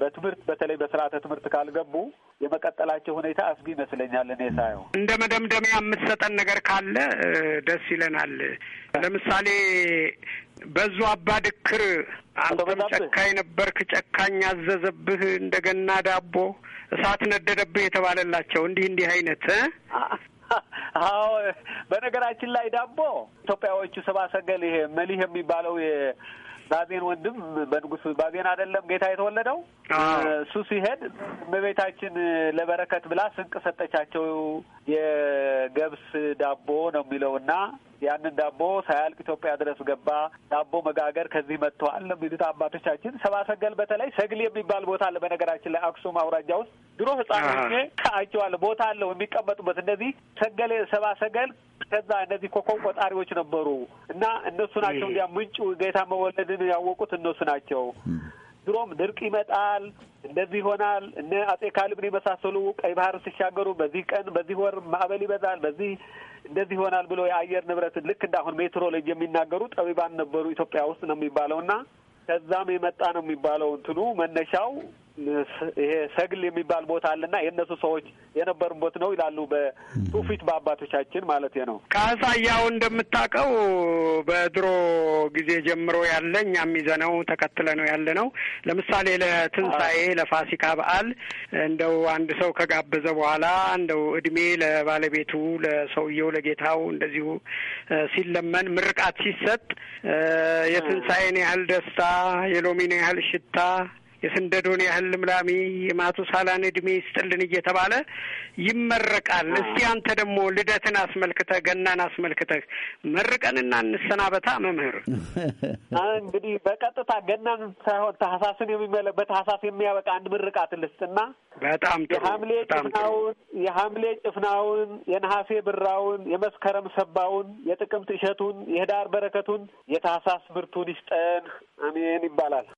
በትምህርት በተለይ በስርዓተ ትምህርት ካልገቡ የመቀጠላቸው ሁኔታ አስጊ ይመስለኛል። እኔ ሳየው እንደ መደምደሚያ የምትሰጠን ነገር ካለ ደስ ይለናል። ለምሳሌ በዙ አባ ድክር አንተም ጨካኝ ነበርክ፣ ጨካኝ አዘዘብህ፣ እንደገና ዳቦ እሳት ነደደብህ የተባለላቸው እንዲህ እንዲህ አይነት አዎ በነገራችን ላይ ዳቦ ኢትዮጵያዎቹ ሰባሰገል ይሄ መሊህ የሚባለው ባቤን ወንድም በንጉስ ባቤን አይደለም ጌታ የተወለደው። እሱ ሲሄድ እመቤታችን ለበረከት ብላ ስንቅ ሰጠቻቸው። የገብስ ዳቦ ነው የሚለው እና ያንን ዳቦ ሳያልቅ ኢትዮጵያ ድረስ ገባ፣ ዳቦ መጋገር ከዚህ መጥተዋል የሚሉት አባቶቻችን። ሰባሰገል፣ በተለይ ሰግል የሚባል ቦታ አለ። በነገራችን ላይ አክሱም አውራጃ ውስጥ ድሮ ህጻን ሆኜ አይቼዋለሁ። ቦታ አለው የሚቀመጡበት እነዚህ ሰገል ሰባሰገል ከዛ እነዚህ ኮከብ ቆጣሪዎች ነበሩ እና እነሱ ናቸው እንዲያ ምንጩ ጌታ መወለድን ያወቁት እነሱ ናቸው። ድሮም ድርቅ ይመጣል፣ እንደዚህ ይሆናል። እነ አጼ ካልብን የመሳሰሉ ቀይ ባህር ሲሻገሩ በዚህ ቀን በዚህ ወር ማዕበል ይበዛል፣ በዚህ እንደዚህ ይሆናል ብሎ የአየር ንብረት ልክ እንደ አሁን ሜትሮሎጂ የሚናገሩ ጠቢባን ነበሩ ኢትዮጵያ ውስጥ ነው የሚባለው እና ከዛም የመጣ ነው የሚባለው እንትኑ መነሻው ይሄ ሰግል የሚባል ቦታ አለና የእነሱ ሰዎች የነበሩበት ነው ይላሉ። በትውፊት በአባቶቻችን ማለት ነው። ካሳያው እንደምታውቀው በድሮ ጊዜ ጀምሮ ያለ እኛም ይዘነው ተከትለ ነው ያለ ነው። ለምሳሌ ለትንሣኤ ለፋሲካ በዓል እንደው አንድ ሰው ከጋበዘ በኋላ እንደው እድሜ ለባለቤቱ ለሰውየው ለጌታው እንደዚሁ ሲለመን ምርቃት ሲሰጥ የትንሣኤን ያህል ደስታ የሎሚን ያህል ሽታ የስንደዶን ያህል ልምላሜ የማቱሳላን እድሜ ይስጥልን እየተባለ ይመረቃል። እስቲ አንተ ደግሞ ልደትን አስመልክተህ ገናን አስመልክተህ መርቀንና እንሰናበታ መምህር። እንግዲህ በቀጥታ ገናን ሳይሆን ታህሳስን የሚመለ በታህሳስ የሚያበቃ አንድ ምርቃት ልስጥና በጣም የሐምሌ ጭፍናውን የሐምሌ ጭፍናውን የነሐሴ ብራውን የመስከረም ሰባውን የጥቅምት እሸቱን የህዳር በረከቱን የታህሳስ ብርቱን ይስጠን አሜን ይባላል።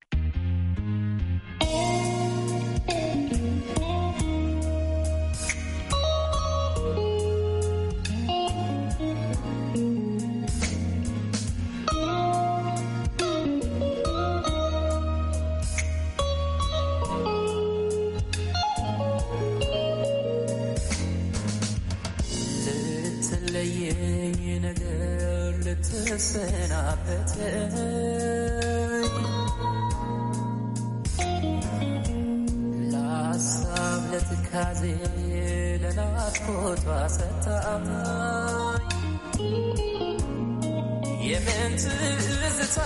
ተሰናበተኝ ለሀሳብ ለትካዜ ለናፍቆቷ ሰታማኝ የምን ትዝታ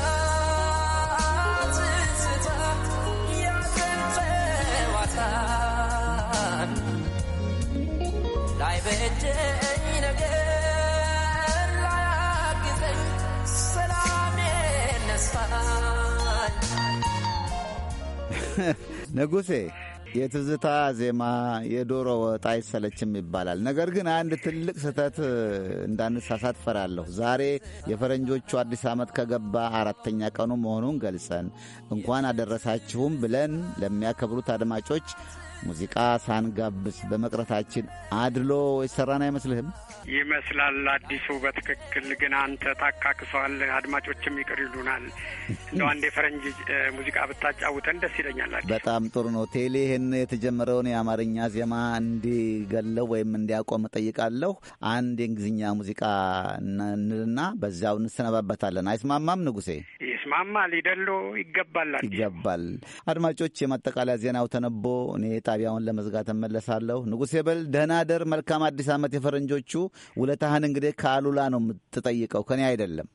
ትዝታ ንጉሴ የትዝታ ዜማ የዶሮ ወጥ አይሰለችም ይባላል። ነገር ግን አንድ ትልቅ ስህተት እንዳንሳሳት ፈራለሁ። ዛሬ የፈረንጆቹ አዲስ ዓመት ከገባ አራተኛ ቀኑ መሆኑን ገልጸን እንኳን አደረሳችሁም ብለን ለሚያከብሩት አድማጮች ሙዚቃ ሳንጋብስ በመቅረታችን አድሎ የሰራን አይመስልህም? ይመስላል አዲሱ። በትክክል ግን አንተ ታካክሰዋል፣ አድማጮችም ይቅር ይሉናል። እንደ አንድ የፈረንጅ ሙዚቃ ብታጫውተን ደስ ይለኛል። በጣም ጥሩ ነው። ቴሌ ይህን የተጀመረውን የአማርኛ ዜማ እንዲገለው ወይም እንዲያቆም እጠይቃለሁ። አንድ የእንግሊዝኛ ሙዚቃ እንልና በዚያው እንሰነባበታለን። አይስማማም ንጉሴ? ሊያስማማ ሊደሎ ይገባላል ይገባል። አድማጮች፣ የማጠቃለያ ዜናው ተነቦ እኔ ጣቢያውን ለመዝጋት እመለሳለሁ። ንጉሴ በል ደህና ደር፣ መልካም አዲስ ዓመት። የፈረንጆቹ ውለታህን እንግዲህ ከአሉላ ነው የምትጠይቀው ከኔ አይደለም።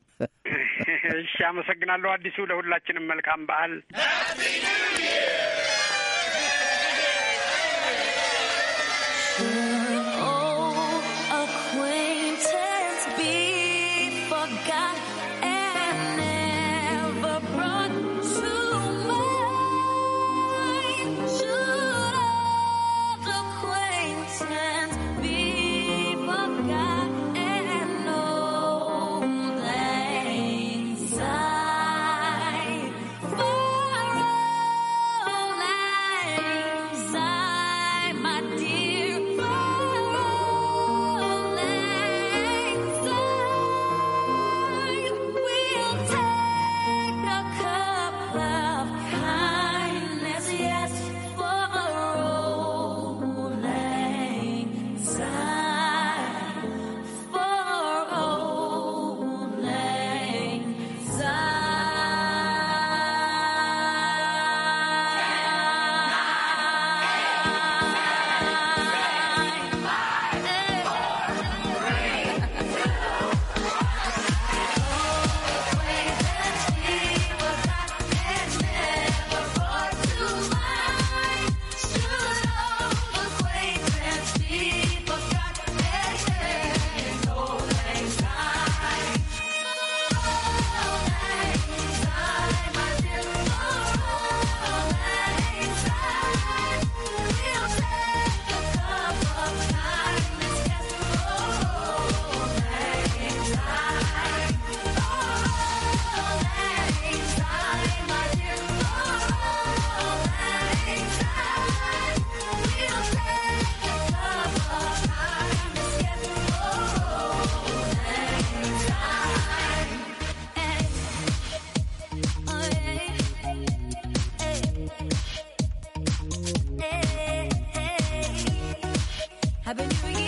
እሺ፣ አመሰግናለሁ አዲሱ። ለሁላችንም መልካም በዓል Oh, acquaintance be forgotten. I've been Year.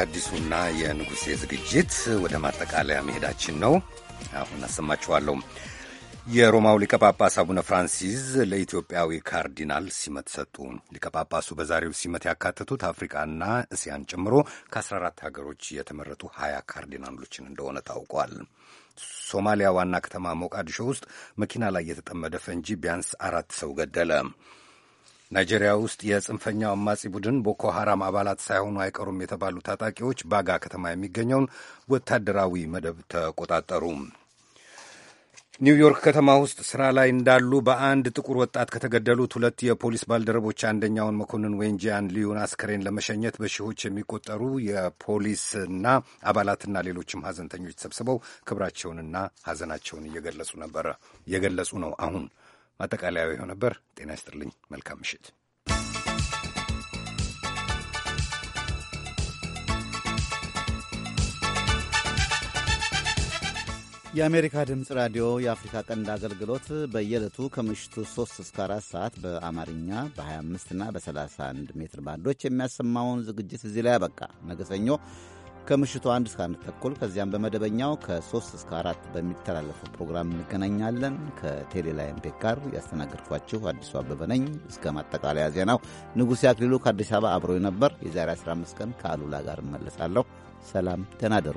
የአዲሱና የንጉሴ ዝግጅት ወደ ማጠቃለያ መሄዳችን ነው። አሁን አሰማችኋለሁ። የሮማው ሊቀ ጳጳስ አቡነ ፍራንሲስ ለኢትዮጵያዊ ካርዲናል ሲመት ሰጡ። ሊቀ ጳጳሱ በዛሬው ሲመት ያካተቱት አፍሪቃና እስያን ጨምሮ ከ14 ሀገሮች የተመረጡ 20 ካርዲናሎችን እንደሆነ ታውቋል። ሶማሊያ ዋና ከተማ ሞቃዲሾ ውስጥ መኪና ላይ የተጠመደ ፈንጂ ቢያንስ አራት ሰው ገደለ። ናይጄሪያ ውስጥ የጽንፈኛው አማጺ ቡድን ቦኮ ሐራም አባላት ሳይሆኑ አይቀሩም የተባሉ ታጣቂዎች ባጋ ከተማ የሚገኘውን ወታደራዊ መደብ ተቆጣጠሩ። ኒውዮርክ ከተማ ውስጥ ስራ ላይ እንዳሉ በአንድ ጥቁር ወጣት ከተገደሉት ሁለት የፖሊስ ባልደረቦች አንደኛውን መኮንን ወንጂያን ሊዩን አስከሬን ለመሸኘት በሺዎች የሚቆጠሩ የፖሊስና አባላትና ሌሎችም ሐዘንተኞች ተሰብስበው ክብራቸውንና ሐዘናቸውን እየገለጹ ነበረ እየገለጹ ነው አሁን ማጠቃለያዊ ይኸው ነበር። ጤና ይስጥልኝ። መልካም ምሽት። የአሜሪካ ድምፅ ራዲዮ የአፍሪካ ቀንድ አገልግሎት በየዕለቱ ከምሽቱ 3 እስከ 4 ሰዓት በአማርኛ በ25 እና በ31 ሜትር ባንዶች የሚያሰማውን ዝግጅት እዚህ ላይ ያበቃ። ነገ ሰኞ ከምሽቱ አንድ እስከ አንድ ተኩል ከዚያም በመደበኛው ከሶስት እስከ አራት በሚተላለፈው ፕሮግራም እንገናኛለን። ከቴሌላይም ቤት ጋር ያስተናገድኳችሁ አዲሱ አበበ ነኝ። እስከ ማጠቃለያ ዜናው ንጉሴ አክሊሉ ከአዲስ አበባ አብሮኝ ነበር። የዛሬ 15 ቀን ከአሉላ ጋር እመለሳለሁ። ሰላም ተናደሩ።